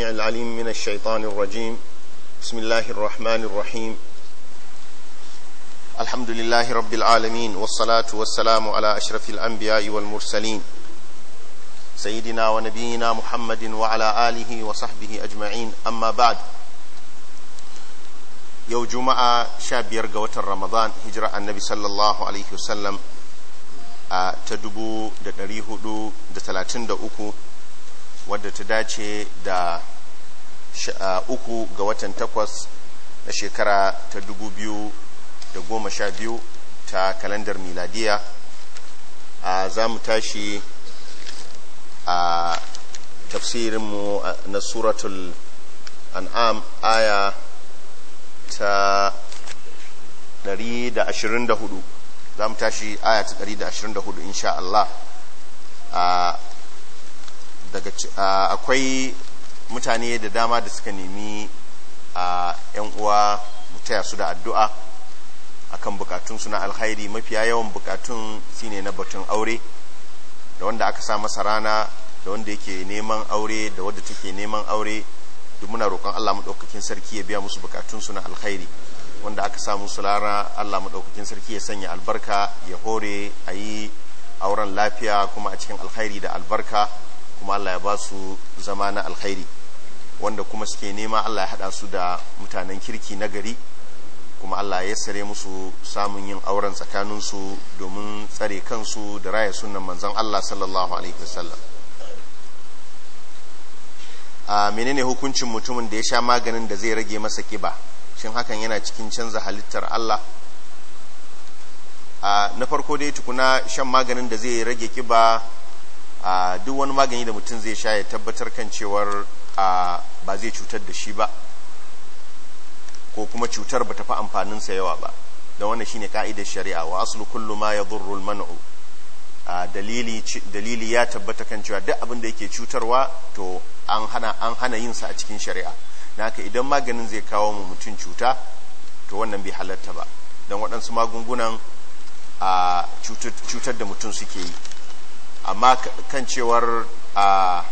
السميع العليم من الشيطان الرجيم بسم الله الرحمن الرحيم الحمد لله رب العالمين والصلاة والسلام على أشرف الأنبياء والمرسلين سيدنا ونبينا محمد وعلى آله وصحبه أجمعين أما بعد يوم جمعة شاب يرقوة رمضان هجرة النبي صلى الله عليه وسلم a ta dubu da ɗari hudu da talatin da uku wadda ta dace da Ah, uku ga watan takwas na shekara ta dubu biyu da goma sha biyu ta kalandar miladiya a ah, za mu tashi a ah, tafsirinmu na suratul an'am aya ta 124 za mu tashi aya ta 124 insha Allah daga akwai mutane da dama da suka nemi a yan uwa mu taya su da addu'a akan bukatun suna na alkhairi mafiya yawan bukatun shine na batun aure da wanda aka sa masa rana da wanda yake neman aure da wanda take neman aure duk muna roƙon Allah madaukakin sarki ya biya musu bukatun suna na alkhairi wanda aka samu su lara Allah maɗaukakin sarki ya sanya albarka ya hore a yi auren lafiya kuma a cikin alhairi da albarka kuma Allah ya ba su zama na alhairi. wanda kuma suke nema Allah ya haɗa su da mutanen kirki na gari kuma Allah ya sare musu samun yin auren tsakaninsu domin tsare kansu da raya sunan manzan Allah sallallahu alaihi wasallam a menene hukuncin mutumin da ya sha maganin da zai rage masa kiba shin hakan yana cikin canza halittar Allah a na farko dai tukuna shan maganin da zai rage kiba a duk wani magani da mutum zai sha ya tabbatar kan cewar a ba zai cutar da shi ba ko kuma cutar ba fi amfaninsa yawa ba da wannan shine ka'idar shari'a wa aslu kullu ma yadhurru al-man'u dalili dalili ya tabbata kan cewa duk abin da yake cutarwa to an hana an yin sa a cikin shari'a naka idan maganin zai kawo mu mutun cuta to wannan bai halatta ba Don waɗansu magungunan a cutar da mutum suke yi amma kan cewar a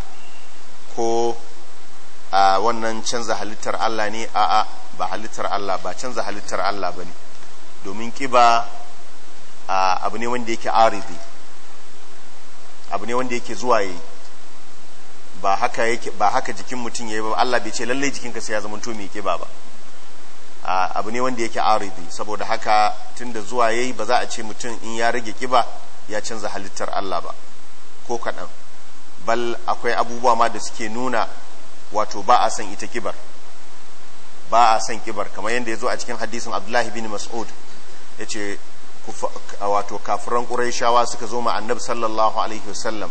ko a wannan canza halittar Allah ne a a ba halittar Allah ba canza halittar Allah ba ne domin ƙiba, abu ne wanda yake aridi abu ne wanda yake zuwa yi ba haka yake ba haka jikin mutum yayi ba Allah bai ce lallai jikinka sai ya zama to mai ƙiba ba abu ne wanda yake aridi saboda haka tunda zuwa yayi ba za a ce mutum in ya rage ƙiba, ya canza halittar Allah ba ko kaɗan bal akwai abubuwa ma da suke nuna wato ba a san ita kibar ba a san kibar kamar yadda ya zo a cikin hadisin abdullahi bin mas'ud ya ce wato kafiran ƙuraishawa suka zo ma annab sallallahu alaihi wasallam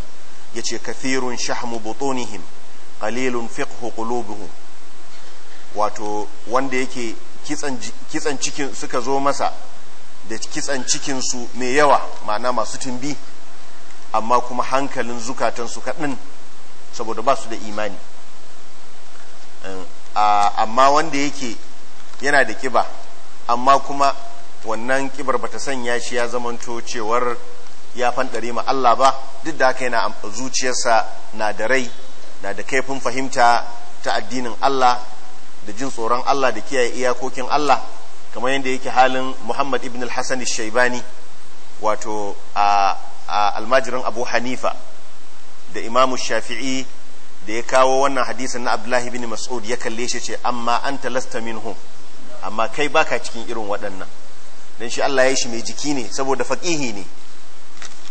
ya ce kathirun shahmu butunihim qalilun fiqhu qulubuhum wato wanda yake kitsan cikin suka zo masa da kitsan cikin su mai yawa ma'ana masu tumbi amma kuma hankalin zukatansu kaɗan saboda ba su da imani Mm. amma wanda yake yana da kiba amma kuma wannan kibar bata sanya shi ya zamanto cewar ya fanɗari ma Allah ba duk da haka yana zuciyarsa na da rai na da kaifin fahimta ta addinin Allah da jin tsoron Allah da kiyaye iyakokin Allah kamar yadda yake halin Muhammad ibn al-Hasan al-Shaibani wato a almajirin Abu Hanifa da Imam Shafi'i da ya kawo wannan hadisin na abdullahi bin mas'ud ya kalle shi ce amma an talasta min minhum amma kai baka cikin irin waɗannan don shi Allah ya shi mai jiki ne saboda faƙihi ne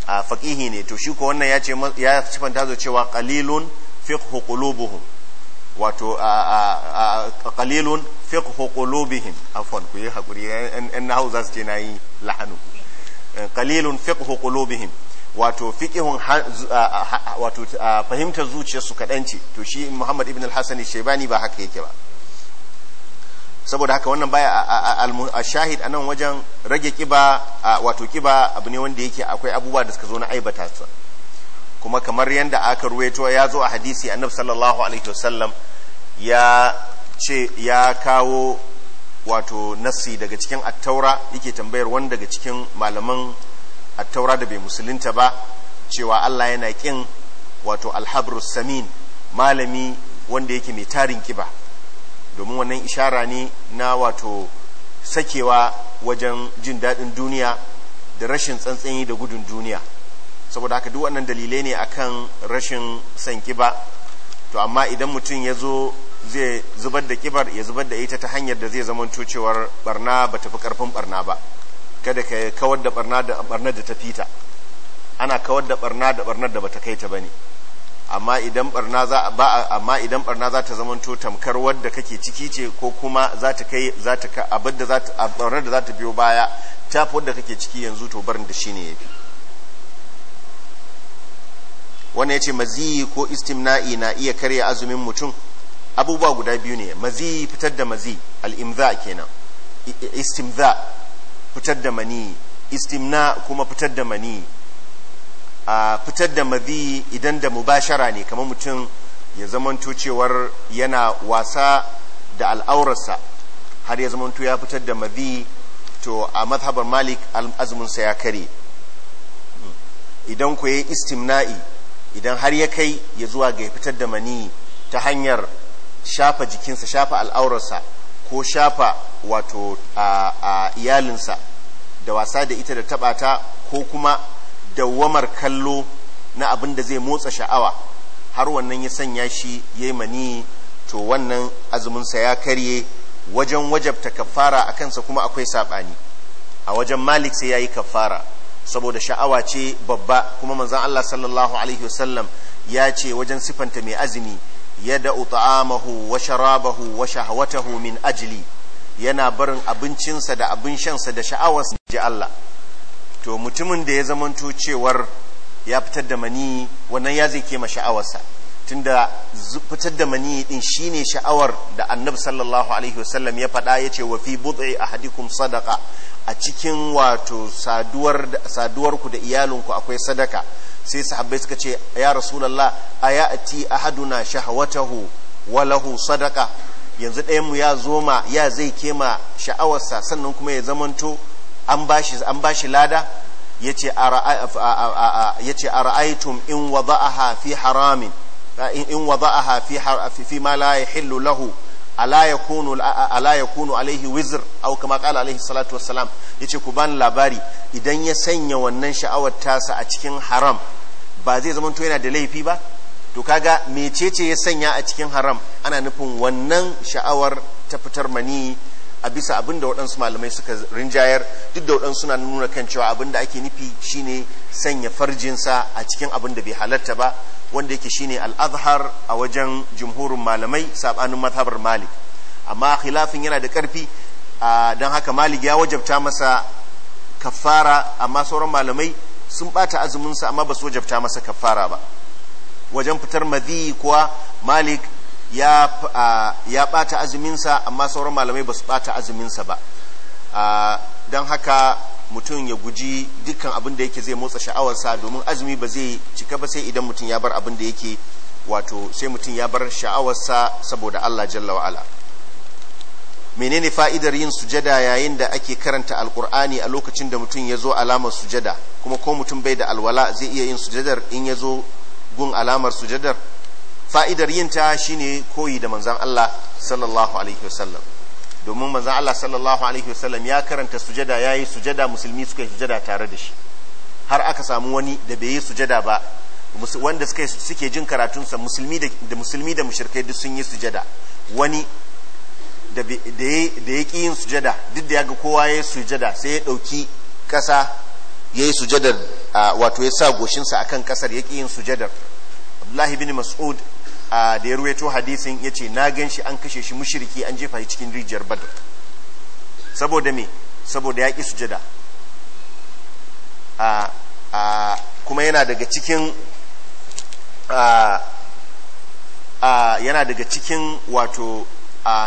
a faƙihi ne to shi ko wannan ya ce ya sifanta zo cewa ƙalilun fiqhu qulubuhum wato a fiqhu qulubihim afwan ku yi hakuri an su ce lahanu eh, qalilun fiqhu qulubihim wato fiqihun wato fahimtar zuciyarsu su ce to shi Muhammad ibn al-Hasan al-Shaybani ba haka yake ba saboda haka wannan baya a shahid a nan wajen rage kiba wato kiba abu ne wanda yake akwai abubuwa da suka zo na aibata su kuma kamar yadda aka ruwaito ya zo a hadisi annab sallallahu alaihi wasallam ya ce ya kawo wato nasi daga cikin attaura yake tambayar wani daga cikin malaman attaura da bai musulunta ba cewa Allah yana kin wato alhabrus samin malami wanda yake mai tarin kiba domin wannan ishara ne na wato sakewa wajen jin daɗin duniya da rashin tsantsanyi da gudun duniya saboda haka duk wannan dalilai ne akan rashin san kiba to amma idan mutum ya zo zai zubar da kibar ya zubar da ita ta hanyar da zai zamanto cewar barna ba tafi karfin barna ba kada ka kawar da barna da ta fita ana kawar da barna da barnar da bata kai ta bane amma idan barna za ba amma idan barna za ta zamanto tamkar wadda kake ciki ce ko kuma za ta kai za ta ka abin da za ta barnar da za ta biyo baya ta wadda kake ciki yanzu to barin da shine yafi ya yace mazi ko istimna'i na iya karya azumin mutum abubuwa guda biyu ne mazi fitar da mazi al-imza kenan istimza fitar da mani istimna kuma fitar da mani a fitar da mazi idan da mubashara ne kamar mutum ya zamanto cewar yana wasa da al'aurarsa har ya zamanto ya fitar da mazi to a mazhabar malik azuminsa ya kare idan ku yi istimna'i idan har ya kai ya zuwa ga ya fitar da mani ta hanyar shafa jikinsa shafa al'aurarsa ko shafa wato a iyalinsa da wasa da ita da taɓata ko kuma dawwamar kallo na abin da zai motsa sha'awa har wannan ya sanya shi ya mani to wannan azuminsa ya karye wajen wajabta kafara a kansa kuma akwai saɓani a wajen malik sai ya yi kafara saboda sha'awa ce babba kuma manzan allah sallallahu alaihi wasallam ya ce wajen sifanta mai azumi yada'u ta'amahu wa sharabahu wa shahwatahu min ajli yana barin abincinsa da abin shansa da sha'awarsa ji Allah to mutumin da ya zamanto cewar ya fitar da mani wannan ya zai kema sha'awarsa tunda fitar da maniyi din shine sha'awar da annabi sallallahu alaihi wasallam ya faɗa ya ce wa fi bud'i ahadikum sadaka a cikin wato saduwar saduwarku da iyalinku akwai sadaka sai sahabbai suka ce ya rasulullah ayati ahaduna shahawatahu wa lahu sadaka yanzu ɗayan mu ya zoma ya zai kema sha'awarsa sannan kuma ya zamanto an ba shi bashi lada yace a ra'aytum in wada'aha fi haramin in wada'aha fi fi ma la yahillu lahu ala yakunu ala yakunu alaihi wizr aw kama qala alaihi salatu wassalam yace ku bani labari idan ya sanya wannan sha'awar tasa a cikin haram ba zai zama to yana da laifi ba to kaga mecece ya sanya a cikin haram ana nufin wannan sha'awar ta fitar mani a bisa abin da waɗansu malamai suka rinjayar duk da waɗansu suna nuna kan cewa abin da ake nufi shine sanya farjinsa a cikin abin da bai halarta ba wanda yake shine al-azhar a wajen jumhurin malamai sabanin mazhabar malik amma khilafin yana da karfi don haka malik ya wajabta masa kafara amma sauran malamai sun bata azuminsa amma ba su wajabta masa kafara ba wajen fitar madhi kuwa malik ya ya bata azumin amma sauran malamai ba su bata azuminsa ba don haka mutum ya guji dukkan abin da yake zai motsa sha'awarsa domin azumi ba zai cika ba sai idan mutum ya bar abin da yake wato sai mutum ya bar sha'awarsa saboda Allah jalla wa'ala menene fa'idar yin sujada yayin da ake karanta alkur'ani a lokacin da mutum ya zo alamar sujada kuma ko mutum bai da alwala zai iya yin sujadar in ya zo gun alamar sujadar fa'idar yin ta shine koyi da manzon Allah sallallahu alaihi wasallam domin manzon Allah sallallahu alaihi wasallam ya karanta sujada ya yi sujada musulmi suka yi sujada tare da shi har aka samu wani da bai yi sujada ba wanda suka suke jin karatunsa musulmi da musulmi da mushrikai duk sun yi sujada wani da ya ƙi yin sujada duk da ya ga kowa ya yi sujada sai ya ɗauki ƙasa ya yi sujadar wato ya sa goshinsa akan ƙasar ya ƙi yin sujadar abdullahi bin mas'ud da ya ruwaito hadisin ya ce na gan shi an kashe shi mushiriki an jefa shi cikin rijiyar badar saboda me saboda ya ƙi sujada kuma yana daga cikin yana daga cikin wato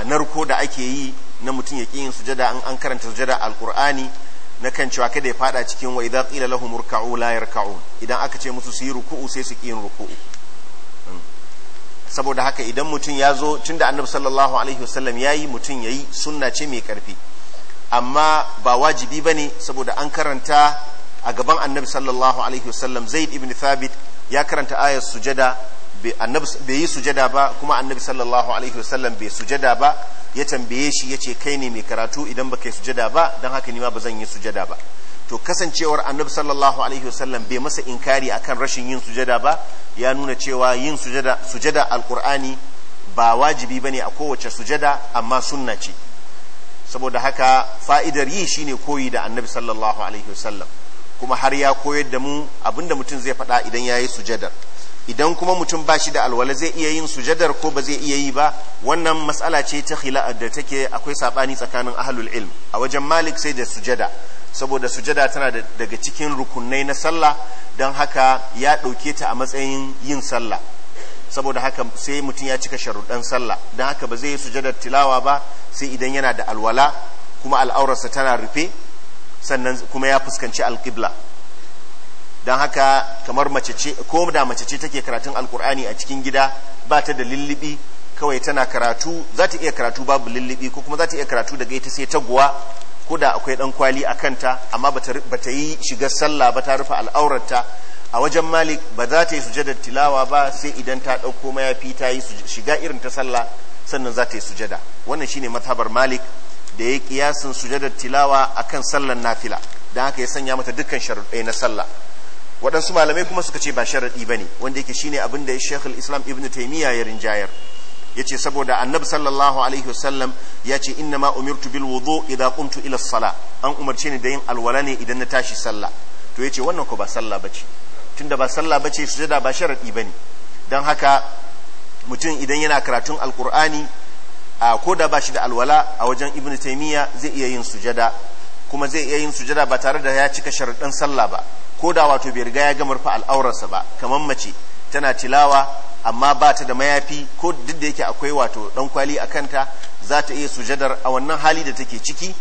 narko da ake yi na mutum ya ƙi yin sujada an an karanta sujada alkur'ani na kan cewa kada ya fada cikin wa idza qila lahum la yarka'un idan aka ce musu su yi ruku'u sai su ƙi yin ruku'u saboda haka idan mutum ya zo tun da annabi sallallahu alaihi wasallam ya yi mutum ya yi sunna ce mai karfi amma ba wajibi ba ne saboda an karanta a gaban annabi sallallahu alaihi wasallam zaid ibn thabit ya karanta ayar sujada bai yi sujada ba kuma annabi sallallahu alaihi wasallam bai sujada ba ya tambaye shi ya ce kai ne mai karatu idan ba kai sujada ba don haka nima ma ba zan yi sujada ba to kasancewar annabi sallallahu alaihi wasallam bai masa inkari akan rashin yin sujada ba ya nuna cewa yin sujada sujada alqur'ani ba wajibi bane a kowace sujada amma sunna ce saboda haka fa'idar yi shine koyi da annabi sallallahu alaihi wasallam kuma har ya koyar da mu abinda mutum zai faɗa idan yayi sujadar idan kuma mutum ba shi da alwala zai iya yin sujadar ko ba zai iya yi ba wannan matsala ce ta khila'a da take akwai saɓani tsakanin ahlul ilm a wajen malik sai da sujada saboda sujada tana daga cikin rukunai na sallah don haka ya ɗauke ta a matsayin yin sallah saboda haka sai mutum ya cika sharuɗan sallah don haka ba zai yi sujadar tilawa ba sai idan yana da alwala kuma al'aurarsa tana rufe sannan kuma ya fuskanci alƙibla don haka kamar mace ce ko da mace ce take karatun alkur'ani a cikin gida ba ta da lullubi kawai tana karatu za ta iya karatu babu lullubi ko kuma za ta iya karatu daga ita sai ta guwa. ko da akwai dan kwali a kanta amma ba ta yi shigar sallah ba ta rufe al'aurarta a wajen malik ba za ta yi sujadar tilawa ba sai idan ta ɗauko mayafi ta yi shiga irin ta sallah sannan za ta yi sujada wannan shine mazhabar malik da ya kiyasin sujadar tilawa akan sallar nafila don haka ya sanya mata dukkan sharuɗai na sallah waɗansu malamai kuma suka ce ba sharaɗi ba ne wanda yake shine abin da shekul islam ibn taimiyya ya rinjayar yace saboda annabi sallallahu alaihi wasallam yace inna ma umirtu bil wudu idza qumtu ila sala an umarce ni da yin alwala ne idan na tashi sallah to yace wannan ko ba sallah bace tunda ba sallah bace sujada ba sharadi bane dan haka mutum idan yana karatun alqur'ani a ko da ba shi da alwala a wajen ibnu taymiya zai iya yin sujada kuma zai iya yin sujada ba tare da ya cika sharadin sallah ba ko da wato bai riga ya gamar fa al'aurarsa ba kamar mace tana tilawa amma ba ta da mayafi ko duk da yake akwai wato dan kwali a kanta za ta iya sujadar a wannan hali da take ciki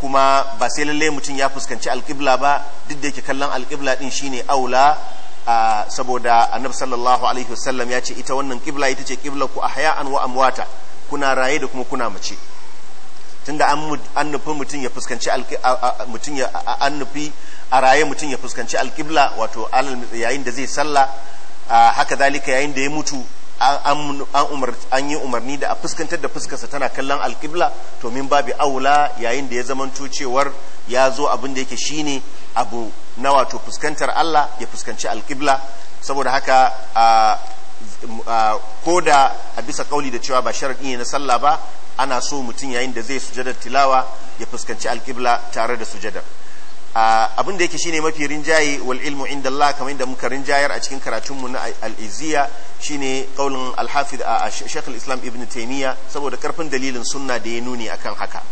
kuma ba sai lalle mutum ya fuskanci alƙibla ba duk da yake kallon alƙibla din shine aula saboda annabi sallallahu alaihi wasallam ya ce ita wannan ƙibla ita ce ƙibla ku ahya'an wa amwata kuna raye da kuma kuna mace tunda an nufi mutum ya fuskanci mutum ya an a raye mutum ya fuskanci alƙibla wato alal yayin da zai sallah haka zalika yayin da ya mutu an yi umarni da a fuskantar da fuskarsa tana kallon alkibla to min babu aula yayin da ya zamanto cewar ya zo abin da yake shine abu na wato fuskantar Allah ya fuskanci alkibla saboda haka ko da a bisa kauli da cewa ba sharaɗi ne na sallah ba ana so mutum yayin da zai sujadar tilawa ya fuskanci alkibla tare da sujadar abin da yake shine mafi rinjaye wal ilmu inda Allah kamar da muka rinjayar a cikin karatunmu na al shine kaulin al a Sheikh al-Islam Ibn Taymiyyah saboda karfin dalilin sunna da ya nuni akan haka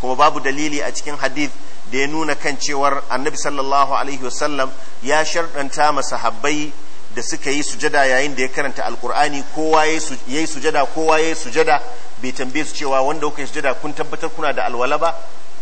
kuma babu dalili a cikin hadith da ya nuna kan cewar Annabi sallallahu alaihi wasallam ya sharɗanta masahabbai da suka yi sujada yayin da ya karanta alkur'ani kowa yayi sujada kowa yayi sujada bai tambaye su cewa wanda kuka yi sujada kun tabbatar kuna da alwala ba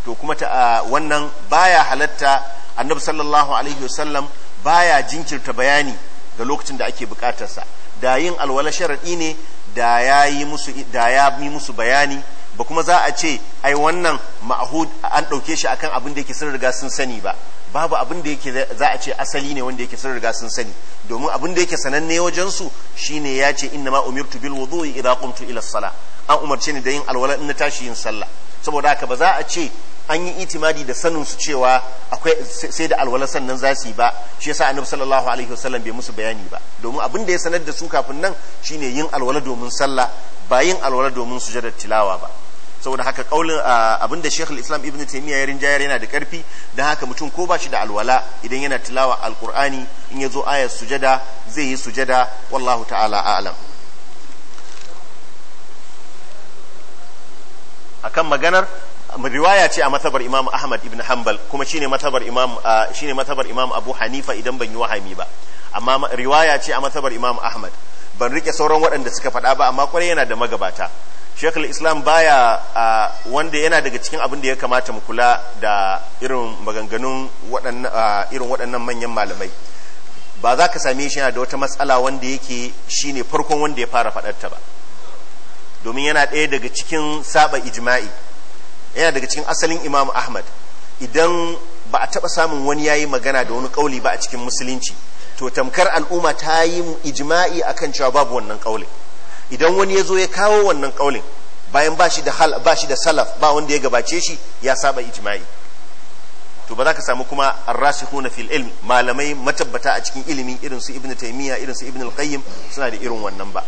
to kuma ta wannan baya halatta annabi sallallahu alaihi wasallam baya jinkirta bayani ga lokacin da ake sa da yin alwala sharadi ne da ya yi musu da ya yi musu bayani ba kuma za a ce ai wannan ma'hud an dauke shi akan abin da yake sun riga sun sani ba babu abin da yake za a ce asali ne wanda yake sun riga sun sani domin abin da yake sananne wajen su shine ya ce inna ma umirtu bil wudu'i idza qumtu ila salah an umarce ni da yin alwala in na tashi yin sallah saboda haka ba za a ce an yi itimadi da sanin su cewa akwai sai da alwala sannan za su yi ba shi yasa annabi sallallahu alaihi wasallam bai musu bayani ba domin abin da ya sanar da su kafin nan shine yin alwala domin sallah ba yin alwala domin sujadar tilawa ba saboda haka kaulin abin da Sheikh Islam Ibn Taymiyyah ya rinjayar yana da karfi dan haka mutum ko ba shi da alwala idan yana tilawa alqur'ani in yazo ayat sujada zai yi sujada wallahu ta'ala a'lam akan maganar riwaya ce a matabar imam ahmad ibn hanbal kuma shine matabar imam ah, shine matabar imam abu hanifa idan ban yi wahami ba amma riwaya ce a matabar imam ahmad ban rike sauran waɗanda suka faɗa ba amma kwarai yana da magabata shekul islam baya ah, wanda yana daga cikin abin da ya kamata mu kula da irin maganganun ah, irin waɗannan manyan malamai ba za ka same shi yana da wata matsala wanda yake shine farkon wanda ya fara faɗarta ba domin yana ɗaya daga cikin saba ijma'i yana daga cikin asalin imamu ahmad idan ba a taɓa samun wani ya yi magana da wani kauli ba a cikin musulunci to tamkar al'umma ta yi ijma'i akan cewa babu wannan kaulin idan wani ya zo ya kawo wannan kaulin bayan ba shi da hal ba shi da salaf ba wanda ya gabace shi ya saba ijma'i to ba za ka samu kuma arrasikhuna fil ilm malamai matabbata a cikin ilimi irin su ibnu taymiya irin su ibnu al-qayyim suna da irin wannan ba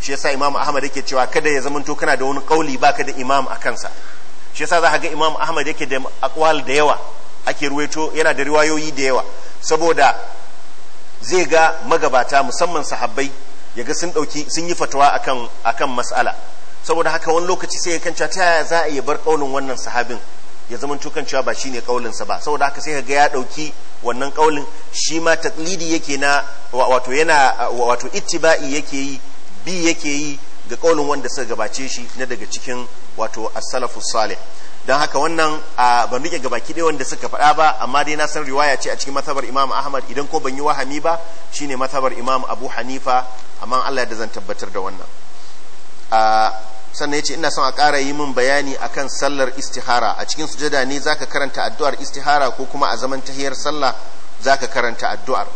shi yasa imam ahmad yake cewa kada ya zamanto kana da wani kauli baka da imam a kansa shi yasa za ga imam ahmad yake da akwal da yawa ake ruwaito yana da riwayoyi da yawa saboda zai ga magabata musamman sahabbai ya ga sun dauki sun yi fatawa akan akan mas'ala saboda haka wani lokaci sai ya kanta ta yaya za a yi bar kaulin wannan sahabin ya zama tukan cewa ba shine kaulin sa ba saboda haka sai ga ya ɗauki wannan kaulin shi ma taqlidi yake na wato yana wato ittiba'i yake yi bi yake yi ga kaulin wanda suka gabace shi na daga cikin wato as salafus salih dan haka wannan ban rike ga baki wanda suka faɗa ba amma dai na san riwaya ce a cikin matsabar Imam Ahmad idan ko ban yi wahami ba shine matsabar Imam Abu Hanifa amma Allah da zan tabbatar da wannan sannan yace ina son a ƙara yi min bayani akan sallar istihara a cikin sujada ne zaka karanta addu'ar istihara ko kuma a zaman tahiyar sallah zaka karanta addu'ar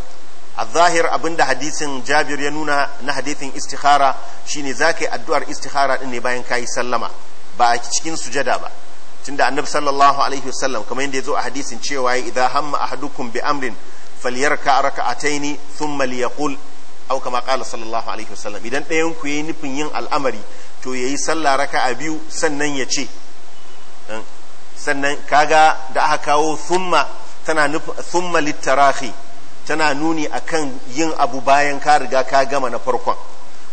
a zahir abinda hadisin jabir ya nuna na hadisin istihara shine zaka yi addu'ar istihara din ne bayan kayi sallama ba a cikin sujada ba tunda annabi sallallahu alaihi wasallam kamar yadda yazo a hadisin cewa idza hamma ahadukum bi amrin falyarka raka'ataini thumma liyaqul aw kama qala sallallahu alaihi wasallam idan ɗayan ku yayi nufin yin al'amari to yayi sallah raka'a biyu sannan ya ce sannan kaga da aka kawo thumma tana thumma litarahi tana nuni akan yin abu bayan ka riga ka gama na farkon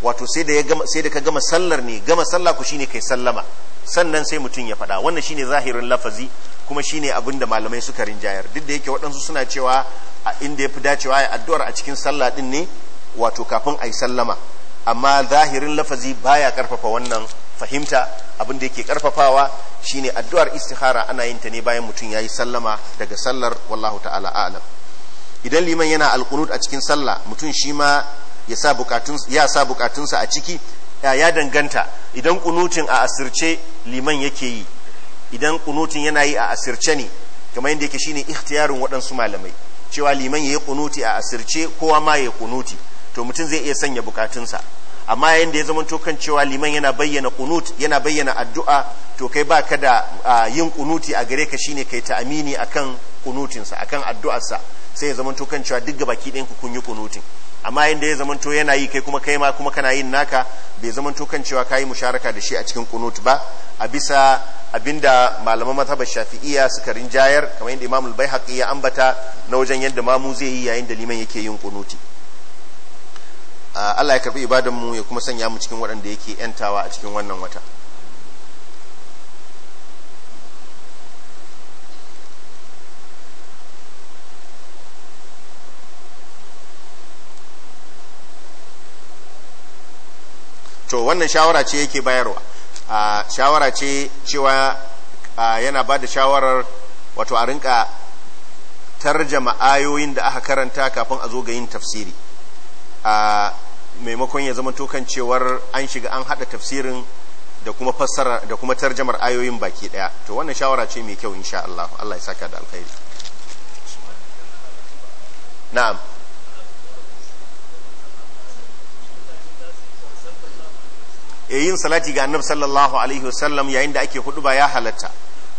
wato sai da sai da ka gama sallar ne gama sallah ku shine kai sallama sannan sai mutum ya faɗa wannan shine zahirin lafazi kuma shine abin da malamai suka rinjayar duk da yake waɗansu suna cewa a inda ya fi dacewa ya addu'ar a cikin sallah din ne wato kafin a yi sallama amma zahirin lafazi baya karfafa wannan fahimta abin da yake karfafawa shine addu'ar istihara ana yin ta ne bayan mutum ya yi sallama daga sallar wallahu ta'ala alam idan liman yana alkunut a cikin sallah mutum shi ma ya sa bukatunsa a ciki ya danganta idan kunutin a asirce liman yake yi idan kunutin yana yi a asirce ne kamar yadda yake shine ikhtiyarin waɗansu malamai cewa liman ya yi kunuti a asirce kowa ma ya yi kunuti to mutum zai iya sanya bukatunsa amma yadda ya zama tokan cewa liman yana bayyana kunut yana bayyana addu'a to kai ba ka da yin kunuti a gare ka shine kai ta amini akan kunutinsa akan addu'arsa sai ya zama tokan cewa duk gabaki ɗayan ku kun yi kunutin amma inda ya zamanto yana yi kai kuma kai ma kuma kana yin naka bai zamanto kan cewa kayi musharaka da shi a cikin kunut ba a bisa abinda malaman mazhabar shafi'iyya suka rinjayar kamar yadda imamul baihaqi ya ambata na wajen yadda mamu zai yi yayin da liman yake yin kunuti Allah ya karbi ibadan mu ya kuma sanya mu cikin waɗanda yake yantawa a cikin wannan wata to wannan shawara ce yake bayarwa a shawara ce cewa yana ba da shawarar wato a rinka tarjama ayoyin da aka karanta kafin a zo ga yin tafsiri a maimakon ya zama tokan cewar an shiga an hada tafsirin da kuma fassara da kuma tarjamar ayoyin baki daya to wannan shawara ce mai kyau insha Allah Allah ya saka da alkhairi na'am yin salati ga annabi sallallahu alaihi wasallam yayin da ake hudu ba ya halatta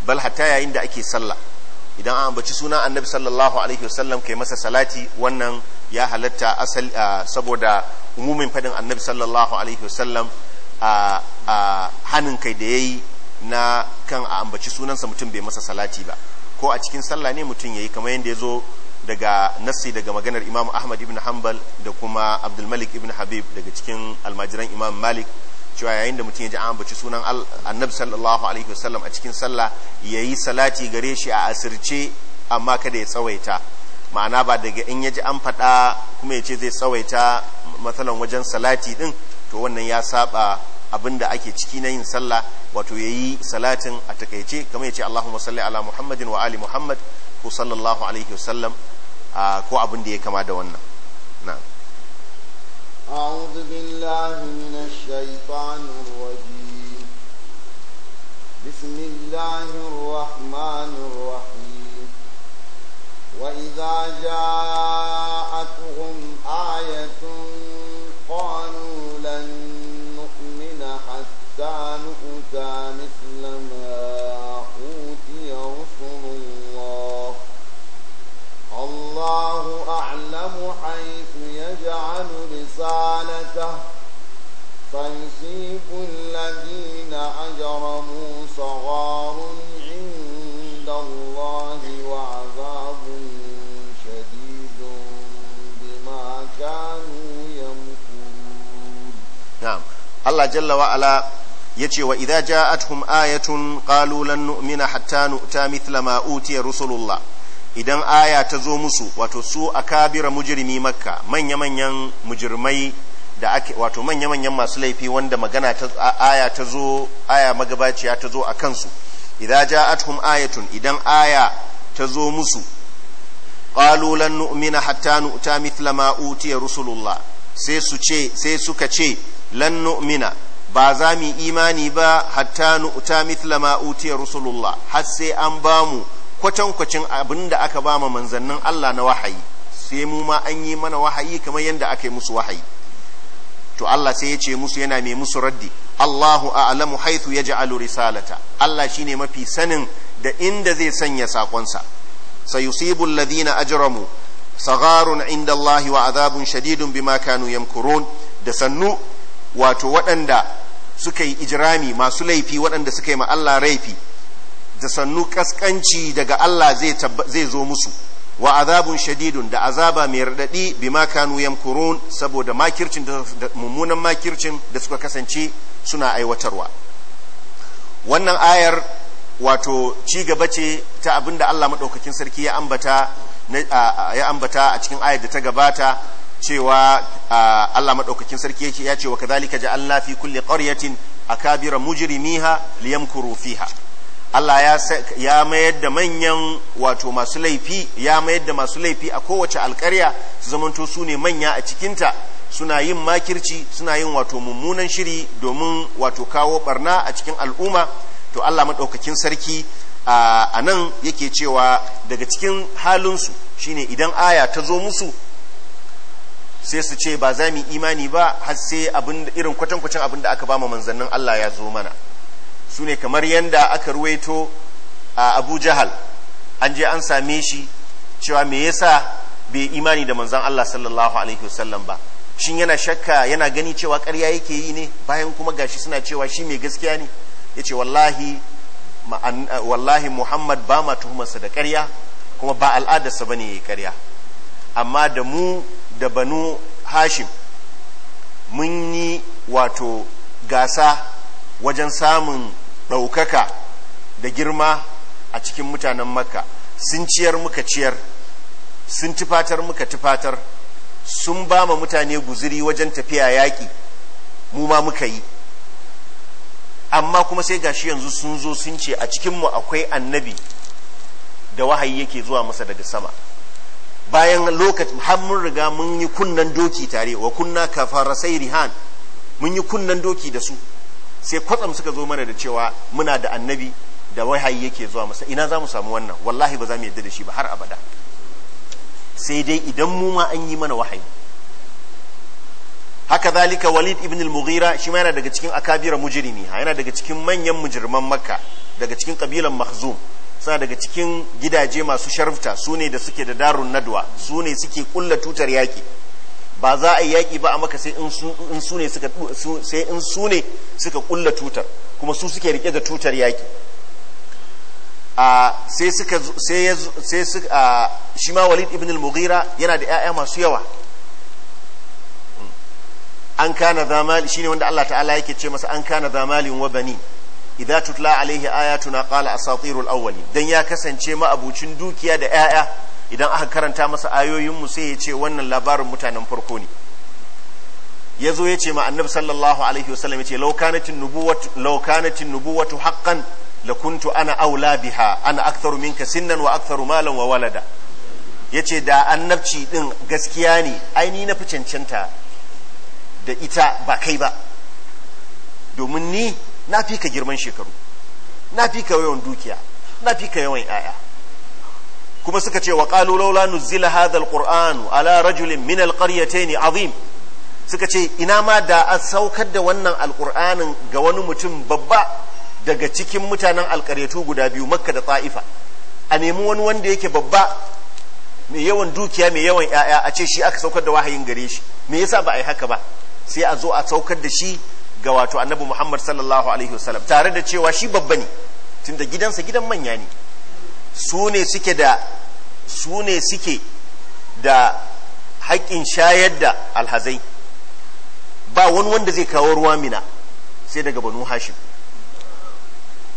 bal hatta yayin da ake sallah idan an ambaci suna annabi sallallahu alaihi wasallam kai masa salati wannan ya halatta asal saboda umumin fadin annabi sallallahu alaihi wasallam a hannun kai da yayi na kan a ambaci sunansa mutum bai masa salati ba ko a cikin sallah ne mutum yayi kamar yadda ya zo daga nassi daga maganar imam ahmad ibn hanbal da kuma abdul malik ibn habib daga cikin almajiran imam malik cewa yayin da mutum ya ji an ambaci sunan annabi sallallahu alaihi wasallam a cikin sallah ya yi salati gare shi a asirce amma kada ya tsawaita ma'ana ba daga in ya ji an faɗa kuma ya ce zai tsawaita matsalan wajen salati din to wannan ya saba abin da ake ciki na yin sallah wato yayi salatin a takaice kamar ya ce Allahumma salli ala Muhammadin wa ali Muhammad ko sallallahu alaihi wasallam ko abin da ya kama da wannan أعوذ بالله من الشيطان الرجيم بسم الله الرحمن الرحيم وإذا جاءتهم آية قالوا لن نؤمن حتى نؤتى مثل ما عن رسالته فيصيب الذين أجرموا صغار عند الله وعذاب شديد بما كانوا يمكرون نعم الله جل وعلا يتي وإذا جاءتهم آية قالوا لن نؤمن حتى نؤتى مثل ما أوتي رسل الله idan aya ta zo musu wato su akabira mujrimi makka manya-manyan mujirmai da ake wato manya-manyan masu laifi wanda magana ta aya ta zo aya magabaciya ta zo a kansu idza ja'atuhum ayatun idan aya ta zo musu qalu lan nu'mina hatta nu'ta mithla ma utiya rusulullah sai su ce sai suka ce lan nu'mina ba za mu imani ba hatta nu'ta mithla ma utiya rusulullah har sai an bamu kwatankwacin abin da aka ba ma manzannin Allah na wahayi sai mu ma an yi mana wahayi kamar yadda aka yi musu wahayi to Allah sai ya ce musu yana mai musu raddi Allahu a'lamu haythu yaj'alu risalata Allah shine mafi sanin da inda zai sanya sakonsa sayusibu alladhina ajramu sagharun inda Allah wa adhabun shadidun bima kanu yamkurun da sannu wato waɗanda suka yi ijrami masu laifi waɗanda suka yi ma Allah raifi da sannu kaskanci daga Allah zai zo musu wa azabun shadidun da azaba mai radadi ma kanu yamkurun saboda makircin da mummunan makircin da suka kasance suna aiwatarwa wannan ayar wato ci gaba ce ta abinda Allah madaukakin sarki ya ambata ya ambata a cikin ayar da ta gabata cewa Allah madaukakin sarki yake ya ce wa kadhalika ja'alna fi kulli qaryatin akabira mujrimiha liyamkuru fiha Allah ya mayar da manyan wato masu laifi ya mayar da masu laifi a kowace alkarya su zamanto su ne manya a cikinta suna yin makirci suna yin wato mummunan shiri domin wato kawo barna a cikin al'umma to Allah maɗaukakin sarki a nan yake cewa daga cikin halinsu shine idan aya ta zo musu sai su ce ba za mu imani ba har sai abin irin kwatankwacin abin da aka ba manzannin Allah ya zo mana su ne kamar yadda aka ruwaito a abu jahal an je an same shi cewa me yasa bai imani da manzan Allah sallallahu alaihi wasallam ba shin yana shakka yana gani cewa karya yake yi ne bayan kuma gashi suna cewa shi mai gaskiya ne ya ce wallahi muhammad ba ma tuhumarsa da karya kuma ba al'adarsa ba ne ya yi karya amma da mu da banu hashim mun yi wato gasa wajen samun ɗaukaka da girma a cikin mutanen makka sun ciyar muka ciyar sun tufatar muka tufatar sun ba ma mutane guziri wajen tafiya yaƙi mu ma muka yi amma kuma sai gashi yanzu sun zo sun ce a cikinmu akwai annabi da wahayi yake zuwa masa daga sama bayan lokacin har mun riga mun yi kunnan doki tare wa kunna kafara sai rihan mun yi kunnan doki da su sai kwatsam suka zo mana da cewa muna da annabi da wahayi yake zuwa masa ina za mu samu wannan wallahi ba za mu yadda da shi ba har abada sai dai idan mu ma an yi mana wahayi haka zalika walid ibn al-mughira shi ma yana daga cikin akabira mujrimi yana daga cikin manyan mujirman makka daga cikin kabilan makhzum suna daga cikin gidaje masu sharfta su ne da suke da darun nadwa su ne suke kulla tutar yaki ba za a yi yaƙi ba a maka sai in su ne suka sai in su ne suka kulla tutar kuma su suke rike da tutar yaƙi a sai suka sai sai suka shi ma Walid ibn al-Mughira yana da ƴaƴa masu yawa an kana zamali shine wanda Allah ta'ala yake ce masa an kana zamalin wa bani idza tutla alaihi ayatuna qala asatirul awwalin dan ya kasance ma abucin dukiya da ƴaƴa idan aka karanta masa ayoyinmu sai ya ce wannan labarin mutanen farko ne ya zo ya ce ma annabi sallallahu alaihi wasallam ya ce laukanatin nubuwatu laukanatin nubuwatu haqqan lakuntu ana aula biha ana aktharu minka sinnan wa aktharu malan wa walada ce da annabci din gaskiya ne ai ni na fi cancanta da ita ba kai ba domin ni na fi ka girman shekaru na fi ka yawan dukiya na fi ka yawan 'ya'ya kuma suka ce wa qalu laula nuzila hadha alquran ala rajulin min alqaryatayn azim suka ce ina ma da a saukar da wannan alqur'anin ga wani mutum babba daga cikin mutanen alqaryatu guda biyu makka da ta'ifa a nemi wani wanda yake babba mai yawan dukiya mai yawan yaya a ce shi aka saukar da wahayin gare shi me yasa ba a yi haka ba sai a zo a saukar da shi ga wato annabi muhammad sallallahu alaihi wasallam tare da cewa shi babba ne tunda gidansa gidan manya ne su ne suke da su ne suke da haƙƙin shayar da alhazai ba wani wanda zai kawo ruwa mina sai daga banu hashim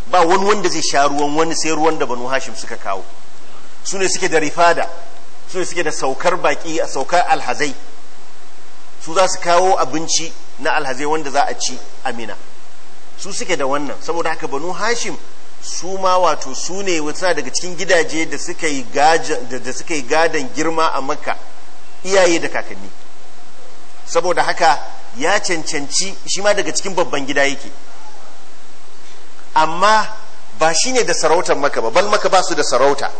ba wani wanda zai sha ruwan wani sai ruwan da banu hashim suka kawo su ne suke da rifada su ne suke da saukar baki a saukar alhazai su za su kawo abinci na alhazai wanda za a ci amina su suke da wannan saboda haka banu hashim su ma wato su ne wata daga cikin gidaje da suka yi gadon girma a makka iyaye da kakanni saboda haka ya cancanci shi ma daga cikin babban gida yake amma ba shi ne da sarautar maka ba bal maka ba su da sarauta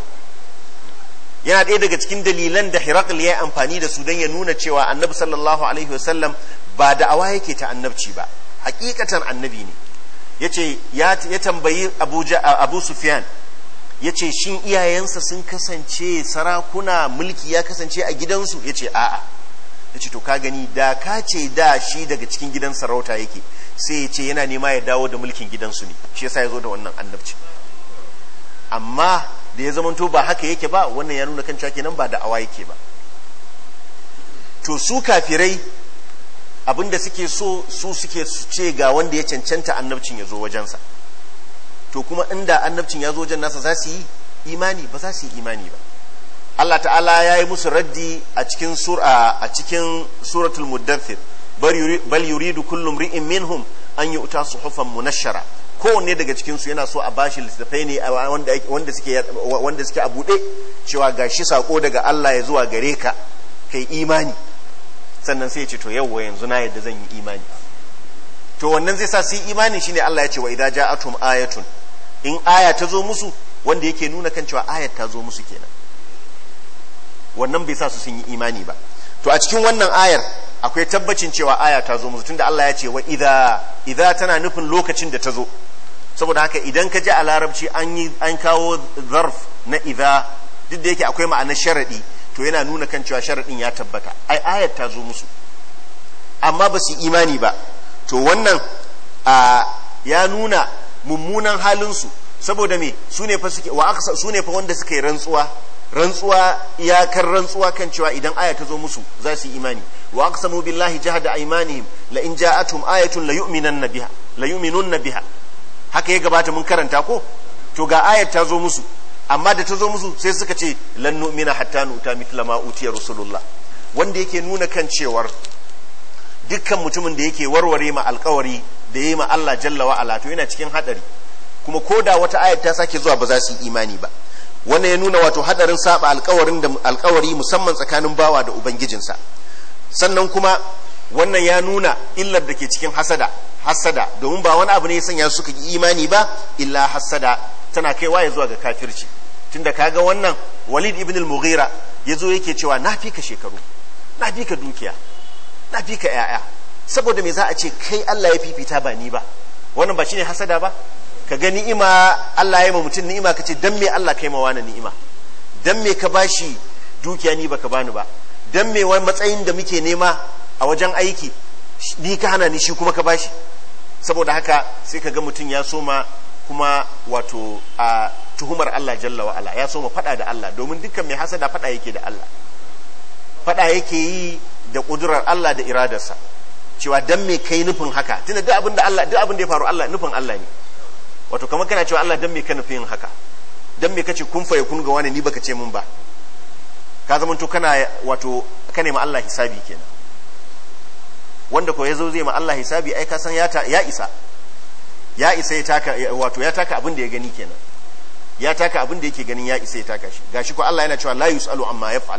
yana ɗaya daga cikin dalilan da hirakul ya yi amfani da su don ya nuna cewa annabi sallallahu alaihi wasallam ba da awa yake ta annabci ba hakikatan annabi ne yace ya tambayi Abu Sufyan yace shin iyayensa sun kasance sarakuna mulki ya kasance a gidansu yace a'a yace to ka gani da ka ce da shi daga cikin gidan sarauta yake sai yace yana nema ya dawo da mulkin gidansu ne shi yasa ya zo da wannan annabci amma da ya zama to ba haka yake ba wannan ya nuna kan cewa kenan ba da awa yake ba to su kafirai abinda suke so su suke ce ga wanda ya cancanta annabcin ya zo wajensa to kuma inda annabcin ya zo wajen nasa za su yi imani ba za su yi imani ba Allah ta'ala ya yi musu raddi a cikin cikin suratul muddathir bal yuridu kullu imri'in minhum an yu'ta suhufan munashshara kowanne daga cikinsu yana so a bashi littafai ne wanda suke a bude cewa ga shi sako daga Allah ya zuwa gare ka kai imani sannan sai ya ce to yawwa yanzu na yadda zan yi imani to wannan zai sa su yi imani shine Allah ya ce wa idza ja'atum ayatun in aya ta zo musu wanda yake nuna kan cewa ayat ta zo musu kenan wannan bai sa su sun yi imani ba to a cikin wannan ayar akwai tabbacin cewa aya ta zo musu tunda Allah ya ce wa idza idza tana nufin lokacin da ta zo saboda haka idan ka ji a larabci an yi an kawo zarf na idza duk da yake akwai ma'anar sharadi to yana nuna kan cewa sharaɗin ya tabbata ai ayat ta zo musu amma ba su imani ba to wannan ya nuna mummunan halinsu saboda me su ne fa suke wa su ne fa wanda suka yi rantsuwa rantsuwa kan rantsuwa kan cewa idan aya ta zo musu za su yi imani wa aqsamu billahi jahada aymanihim la in ja'atuhum ayatun la yu'minanna biha la yu'minunna biha haka ya gabata mun karanta ko to ga ayat ta zo musu amma da ta zo musu sai suka ce lannu mina hatta nuta mitla ma utiya rasulullah wanda yake nuna kan cewar dukkan mutumin da yake warware ma alkawari da yayi ma Allah jalla wa ala to yana cikin hadari kuma koda wata ayat ta sake zuwa ba za su yi imani ba wannan ya nuna wato hadarin saba alkawarin da alkawari musamman tsakanin bawa da ubangijinsa sannan kuma wannan ya nuna illar da ke cikin hasada hasada domin ba wani abu ne ya sanya suka yi imani ba illa hasada tana kaiwa ya zuwa ga kafirci tunda kaga wannan walid ibn al-mughira zo yake cewa na fi ka shekaru na fi ka dukiya na fi ka yaya saboda me za a ce kai Allah ya fifita ba ni ba wannan ba shine hasada ba ka ga ni'ima Allah ya yi mutum ni'ima ka ce dan me Allah kai ma wani ni'ima dan me ka bashi dukiya ni baka bani ba dan me wani matsayin da muke nema a wajen aiki ni ka hana ni shi kuma ka bashi saboda haka sai ka ga mutum ya soma kuma wato a tuhumar Allah jalla wa ala ya soma fada da Allah domin dukkan mai hasada fada yake da Allah fada yake yi da kudurar Allah da iradarsa cewa dan me kai nufin haka tunda duk abin da Allah duk abin da ya faru Allah nufin Allah ne wato kamar kana cewa Allah dan me ka nufin haka dan me kace kun fa kun ga wani ni baka ce mun ba ka zama to kana wato ka nema Allah hisabi kenan wanda ko zo zai ma Allah hisabi ai ka san ya ya isa ya isa ya taka wato ya taka abin da ya gani kenan ya taka abin da yake ganin ya isa ya taka shi gashi ko Allah yana cewa la yusalu amma yaf'al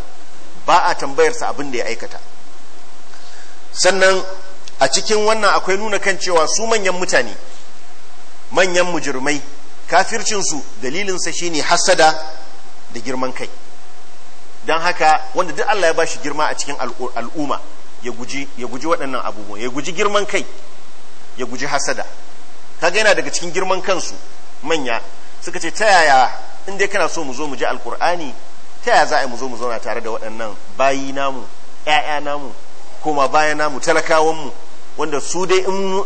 ba a tambayar sa abin da ya aikata sannan a cikin wannan akwai nuna kan cewa su manyan mutane manyan mujirmai kafircinsu dalilinsa shine hasada da girman kai don haka wanda duk Allah ya bashi girma a cikin al'umma ya guji waɗannan abubuwan ya guji girman kai ya guji hasada kaga yana daga cikin girman kansu manya suka ce ta yaya in kana so mu zo mu ji alkur'ani ta yaya za a yi mu zo mu zauna tare da waɗannan bayi namu ƴaƴa namu koma baya namu talakawan mu wanda su dai in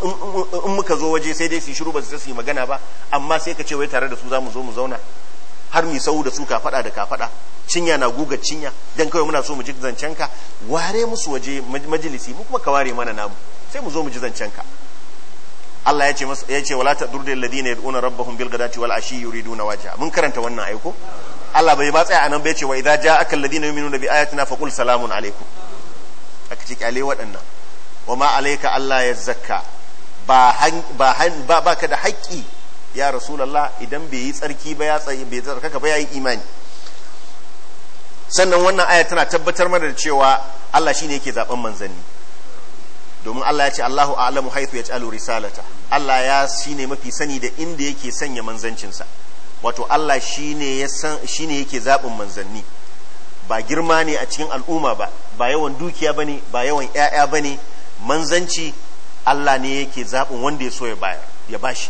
muka zo waje sai dai su shiru ba su yi magana ba amma sai ka ce wai tare da su za mu zo mu zauna har mu sau da su ka kafada da ka kafada cinya na guga cinya dan kawai muna so mu ji zancen ka ware musu waje majalisi mu kuma ka ware mana namu sai mu zo mu ji zancen ka Allah ya ce ya ce wala tadurdu alladhina yad'una rabbahum bil ghadati wal ashi yuriduna wajha mun karanta wannan aiko Allah bai ba tsaya anan bai ce wa idza ja'aka alladhina yu'minuna bi ayatina qul salamun alaikum aka ce kale waɗannan wa ma alayka Allah ya ba ba ba ka da haƙƙi ya rasulallah idan bai yi tsarki ba ya tsayi tsarkaka ba ya yi imani sannan wannan aya tana tabbatar mana da cewa Allah shine yake zaben manzanni domin Allah ya ce Allahu a'lamu haythu yaj'alu risalata Allah ya shine mafi sani da inda yake sanya manzancinsa wato Allah shine ya san shine yake zabin manzanni ba girma ne a cikin al'umma ba ba yawan dukiya bane ba yawan ƴaƴa bane manzanci Allah ne yake zaɓin wanda ya so ya bayar ya bashi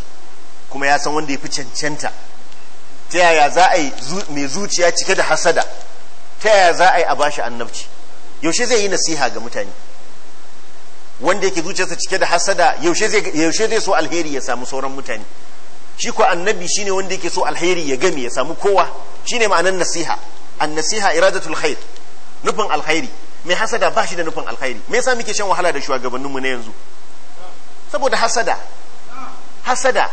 kuma ya san wanda ya fi cancanta ta yaya za a yi mai zuciya cike da hasada ta yaya za a yi a bashi annabci yaushe zai yi nasiha ga mutane wanda yake zuciyarsa cike da hasada yaushe zai so alheri ya samu sauran mutane shi ko annabi shine wanda yake so alheri ya game ya samu kowa shine ma'anar nasiha an nasiha iradatul khair nufin alkhairi mai hasada ba shi da nufin alkhairi me yasa muke shan wahala da shugabanninmu na yanzu saboda hasada hasada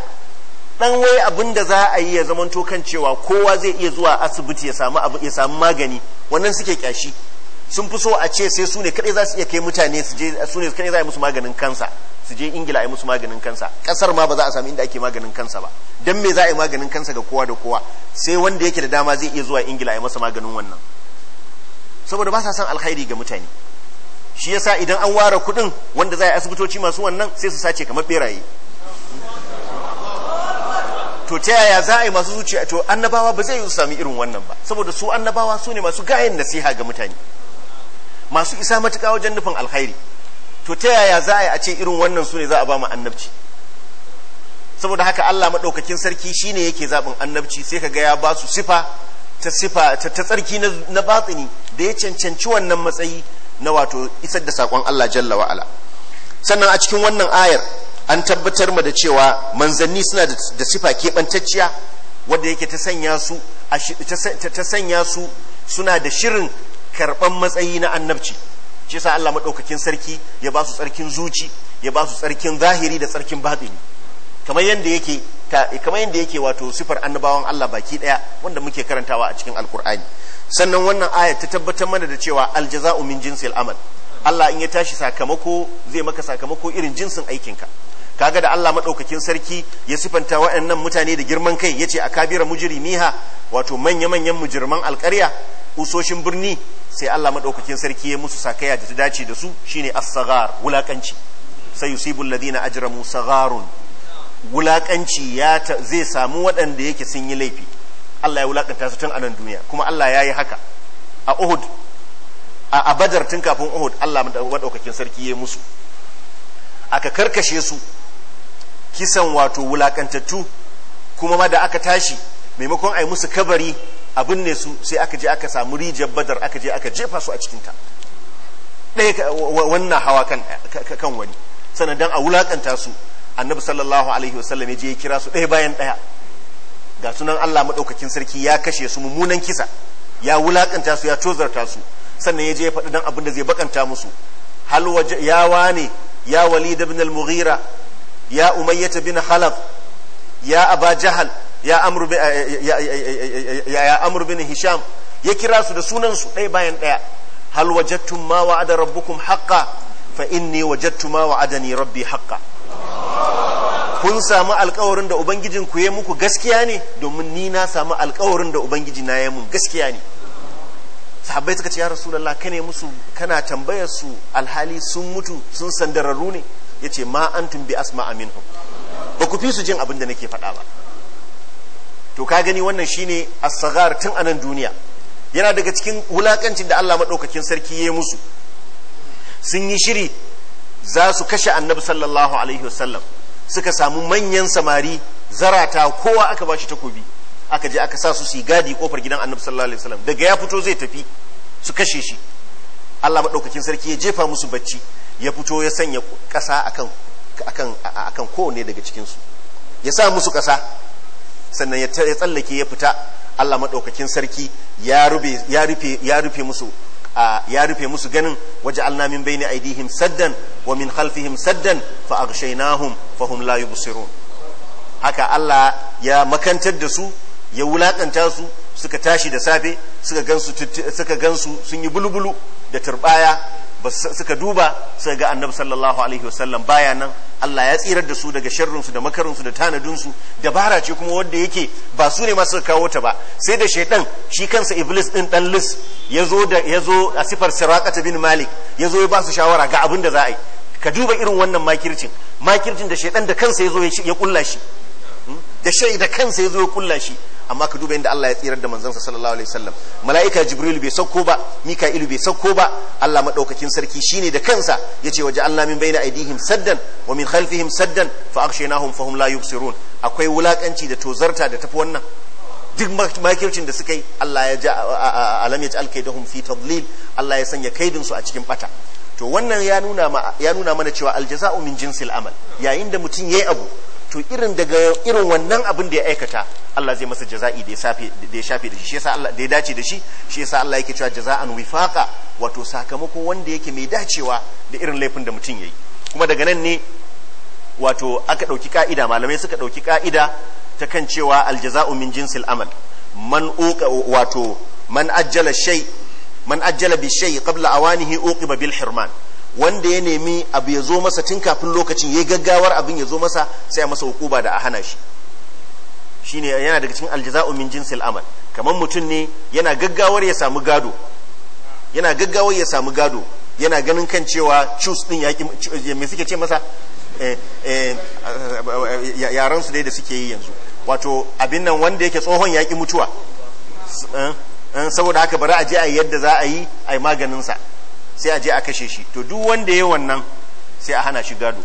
dan wai abin da za a yi ya zamanto kan cewa kowa zai iya zuwa asibiti ya samu abu ya samu magani wannan suke kyashi sun fi so a ce sai su ne kadai za su iya kai mutane su je su ne kadai za a yi musu maganin kansa su je ingila a yi musu maganin kansa kasar ma ba za a samu inda ake maganin kansa ba dan me za a yi maganin kansa ga kowa da kowa sai wanda yake da dama zai iya zuwa ingila a yi masa maganin wannan saboda ba sa son alkhairi ga mutane shi yasa idan an ware kuɗin wanda za a yi asibitoci masu wannan sai su sace kamar beraye to ta yaya za a yi masu zuciya to annabawa ba zai yi sami irin wannan ba saboda su annabawa su ne masu gayan nasiha ga mutane masu isa matuka wajen nufin alkhairi to ta yaya za a yi a ce irin wannan su ne za a ba mu annabci saboda haka Allah maɗaukakin sarki shine yake zaɓin annabci sai ka ga ya ba su sifa ta sifa ta tsarki na batsini da ya cancanci wannan matsayi na wato isar da saƙon Allah jalla wa'ala sannan a cikin wannan ayar an tabbatar ma da cewa manzanni suna da sifa keɓantacciya wadda yake ta sanya su ta sanya su suna da shirin karɓan matsayi na annabci shi yasa Allah maɗaukakin sarki ya ba su tsarkin zuci ya ba su tsarkin zahiri da tsarkin batini kamar yadda yake kamar yadda yake wato sifar annabawan Allah baki ɗaya wanda muke karantawa a cikin alkur'ani sannan wannan aya ta tabbatar mana da cewa aljaza'u min jinsil amal Allah in ya tashi sakamako zai maka sakamako irin jinsin aikinka kaga da Allah madaukakin sarki ya sifanta waɗannan mutane da girman kai yace akabira mujrimiha wato manya manyan mujirman alƙarya usoshin birni sai Allah madaukakin sarki ya musu sakaya da ta dace da su shine as sagar wulakanci sai yusibu ladina ajramu sagharun wulakanci ya ta zai samu waɗanda yake sun yi laifi Allah ya wulakanta su tun a nan duniya kuma Allah ya yi haka a Uhud a Badar tun kafin Uhud Allah madaukakin sarki ya musu aka karkashe su kisan wato wulakantattu kuma ma da aka tashi maimakon a yi musu kabari abin ne su sai aka je aka samu rijiyar badar aka je aka jefa su a cikinta ɗaya wannan hawa kan wani sannan dan a wulakanta su annabi sallallahu alaihi wasallam ya je ya kira su ɗaya bayan ɗaya ga sunan Allah maɗaukakin sarki ya kashe su mummunan kisa ya wulakanta su ya tozarta su sannan ya je ya faɗi dan abin da zai bakanta musu hal ya wane ya walid ibn al-mughira ya umayyata bin halaf ya aba jahal ya amur bin hisham ya kira su da sunansu ɗaya bayan ɗaya hal wajattum ma wa'ada rabbukum haqqa fa inni wajattu ma wa'adani rabbi haqqa kun samu alkawarin da ubangijin ku ya muku gaskiya ne domin ni na samu alkawarin da ubangiji na ya mun gaskiya ne sahabbai suka ce ya rasulullah kane musu kana tambayar su alhali sun mutu sun sandararru ne Ya ce ma an bi Asma Aminu ba ku fi su jin abin da nake faɗa ba to ka gani wannan shine a tun tun nan duniya yana daga cikin wulakancin da Allah Maɗaukakin sarki ya musu sun yi shiri za su kashe annabi sallallahu alaihi wasallam suka samu manyan samari zarata kowa aka ba shi takobi aka je aka sa su su gadi kofar gidan annabi sallallahu alaihi wasallam daga ya fito zai tafi su kashe shi Allah Maɗaukakin sarki ya jefa musu bacci ya fito ya sanya ƙasa akan kan kowane daga cikinsu ya sa musu ƙasa sannan ya tsallake ya fita Allah maɗaukakin sarki ya rufe musu ya rufe musu ganin waje alnamin bai ne aidihim saddan wa min halfihim saddan fa aghshaynahum fa hum haka Allah ya makantar da su ya wulaƙanta su suka tashi da safe suka gansu sun yi bulubulu da turbaya suka duba sai ga annabi sallallahu alaihi wasallam baya nan Allah ya tsirar da su daga sharrin su da makarin da tanadin su dabara ce kuma wanda yake ba su ne ma suka kawo ta ba sai da shaidan shi kansa iblis din dan lis yazo da yazo a sifar siraqata bin malik yazo ya ba su shawara ga abin da za a yi ka duba irin wannan makircin makircin da shaidan da kansa yazo ya kulla hmm? da da kansa yazo ya kulla shi amma ka duba yadda Allah ya tsirar da manzansa sallallahu alaihi wasallam mala'ika jibril bai sauko ba mika'ilu bai sauko ba Allah madaukakin sarki shine da kansa yace waje Allah min baina aidihim saddan wa min khalfihim saddan fa aghshaynahum fahum la yubsirun akwai wulakanci da tozarta da tafi wannan duk makircin da suka yi Allah ya ja alam ya ja'al da fi tadlil Allah ya sanya kaidin su a cikin bata to wannan ya nuna ya nuna mana cewa aljaza'u min jinsil amal yayin da mutum yayi abu to irin daga irin wannan abin da ya aikata Allah zai masa jaza'i da ya shafe da shi shi yasa Allah da ya dace da shi shi yasa Allah yake cewa jaza'an wifaqa wato sakamako wanda yake mai dacewa da irin laifin da mutum yayi kuma daga nan ne wato aka dauki ka'ida malamai suka dauki ka'ida ta kan cewa aljaza'u min jinsil amal man uqa wato man ajjala shay man ajjala bi shay qabla awanihi uqiba bil hirman wanda ya nemi abu ya zo masa tun kafin lokacin ya gaggawar abin ya zo masa sai a masa hukuba da a hana shi Shi ne yana daga cikin aljaza'u min jinsil amal kamar mutum ne yana gaggawar ya samu gado yana gaggawar ya samu gado yana ganin kan cewa cus din ya me suke ce masa eh, eh, yaran su dai da suke yi yanzu wato abin nan wanda yake tsohon yaƙi mutuwa eh, saboda haka bari a je a yadda za a yi a yi maganinsa sai a je a kashe shi to duk wanda ya wannan sai a hana shi gado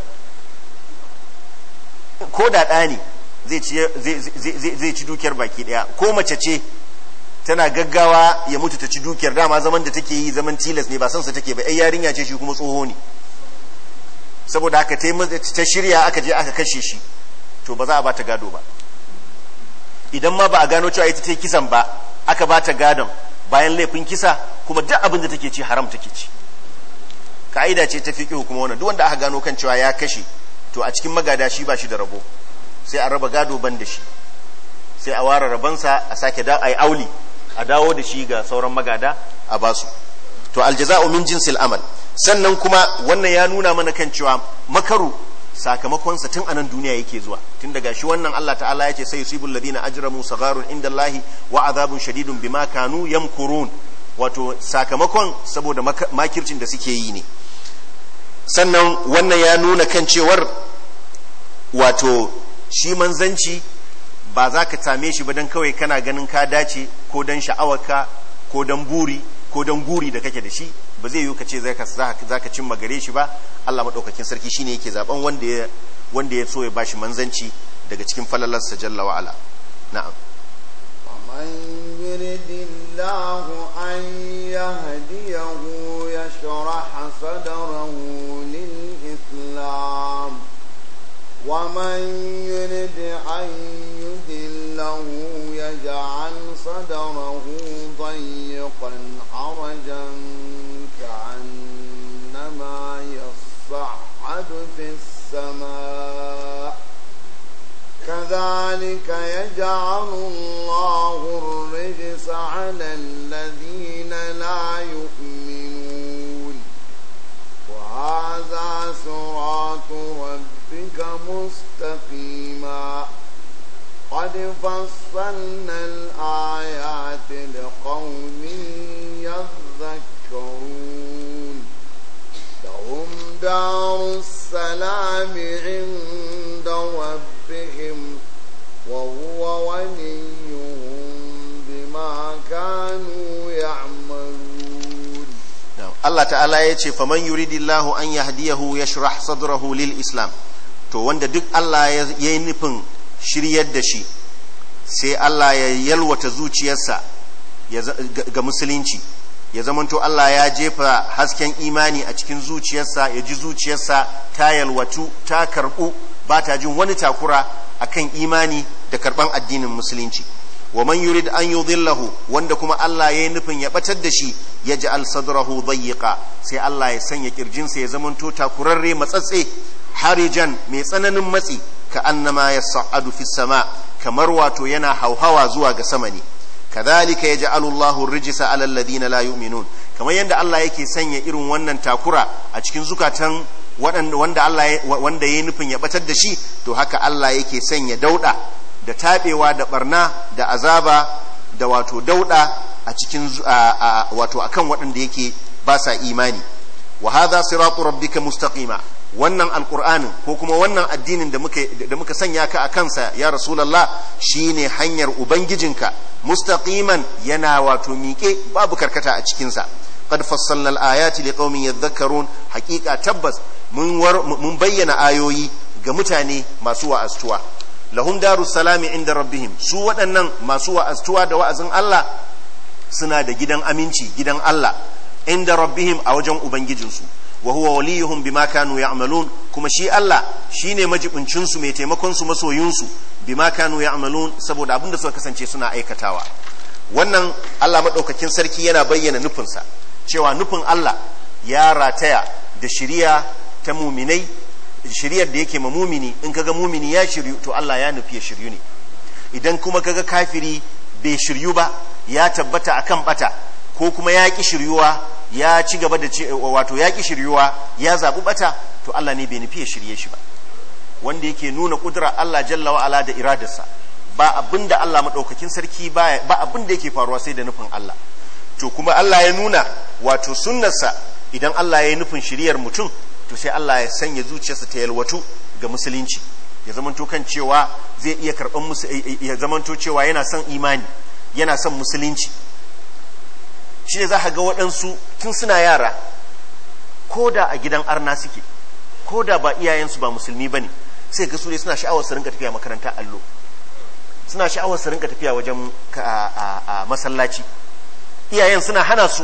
ko da ɗani zai ci dukiyar baki ɗaya ko mace ce tana gaggawa ya mutu ta ci dukiyar dama zaman da take yi zaman tilas ne ba san sa take ba ai yarinya ce shi kuma tsoho ne saboda aka ta shirya aka je aka kashe shi to ba za a bata gado ba idan ma ba a gano cewa ita ta yi kisan ba aka bata gadon bayan laifin kisa kuma duk abin da take ci haram take ci ka'ida ce ta fiƙi kuma wannan duk wanda aka gano kan cewa ya kashe to a cikin magada shi ba shi da rabo sai a raba gado ban da shi sai a ware rabansa a sake da ai auli a dawo da shi ga sauran magada a basu to aljaza'u min jinsil amal sannan kuma wannan ya nuna mana kan cewa makaru sakamakonsa tun anan duniya yake zuwa tun daga shi wannan Allah ta'ala ya ce sai yusibul ladina ajramu sagharun indallahi wa azabun shadidun bima kanu yamkurun wato sakamakon saboda makircin da suke yi ne sannan wannan ya nuna kan cewar wato shi manzanci ba za ka same shi ba don kawai kana ganin ka dace ko don sha'awarka ko don buri ko don guri da kake da shi ba zai yiwu ka ce za ka cimma gare shi ba Allah maɗaukakin sarki shine yake zaben wanda ya so ya ba shi manzanci daga cikin falalarsa jalla wa ala na'am man yuridillahi an yahdiyahu يشرح صدره للإسلام ومن يرد أن يذله يجعل صدره ضيقا حرجا كأنما يصعد في السماء كذلك يجعل الله الرجس على الذين لا يؤمنون هذا صراط ربك مستقيما قد فصلنا الآيات لقوم يذكرون لهم دار السلام عند ربهم وهو وليهم بما كانوا Allah ta'ala ya ce fa faman yuridillahu an yahdiyahu yashrah sadrahu lil islam to wanda duk Allah ya yi nufin shiryar da shi sai Allah ya yalwata zuciyarsa ga musulunci ya zamanto Allah ya jefa hasken imani a cikin zuciyarsa ya ji zuciyarsa ta yalwatu ta karbu ba ta jin wani takura akan imani da karban addinin musulunci wa man yurid an yudhillahu wanda kuma Allah yayi nufin ya batar da shi ya yaj'al sadrahu dayyiqa sai Allah ya sanya sa ya zamanto takurarre matsatse harijan mai tsananin matsi ka annama yas'adu fis sama kamar wato yana hauhawa zuwa ga sama ne kadhalika yaj'alu Allahu rijsa 'ala alladhina la yu'minun kamar yanda Allah yake sanya irin wannan takura a cikin zukatan wanda Allah wanda yayi nufin ya batar da shi to haka Allah yake sanya dauda da taɓewa da barna da azaba da wato dauɗa a cikin wato akan waɗanda yake ba sa imani wa hadha siratu rabbika mustaqima wannan alƙur'anin ko kuma wannan addinin da muka da muka sanya ka a kansa ya rasulullah shine hanyar ubangijinka mustaqiman yana wato miƙe babu karkata a cikin sa qad fassalna al-ayati liqaumin yadhakkarun haqiqa tabbas mun mun bayyana ayoyi ga mutane masu wa'astuwa lahum daru salami inda rabbihim su waɗannan masu wa'aztuwa da wa'azin Allah suna da gidan aminci gidan Allah inda rabbihim a wajen ubangijinsu wa huwa waliyuhum bima kanu ya'malun kuma shi Allah shine majibincin su mai taimakon su masoyin su bima kanu ya'malun saboda abinda suka kasance suna aikatawa wannan Allah madaukakin sarki yana bayyana nufinsa cewa nufin Allah ya rataya da shiriya ta muminai shiryar da yake ma mumini in kaga mumini ya shiryu to Allah ya nufi ya shiryu ne idan kuma kaga kafiri bai shiryu ba ya tabbata akan bata ko kuma ya ki shiryuwa ya ci gaba da wato ya ki shiryuwa ya zaɓi bata to Allah ne bai nufi ya shirye shi ba wanda yake nuna kudura Allah jalla wa ala da iradarsa ba abin Allah madaukakin sarki ba abin da yake faruwa sai da nufin Allah to kuma Allah ya nuna wato sunnarsa idan Allah ya yi nufin shiryar mutum to sai Allah ya sanya zuciyarsa ta yalwatu ga musulunci ya zamanto kan cewa zai iya karban musu ya zamanto cewa yana son imani yana son musulunci shi ne za ka ga waɗansu tun suna yara ko da a gidan arna suke ko da ba iyayensu ba musulmi ba ne sai ga su ne suna sha'awar su rinka tafiya makaranta allo suna sha'awar su rinka tafiya wajen masallaci iyayen suna hana su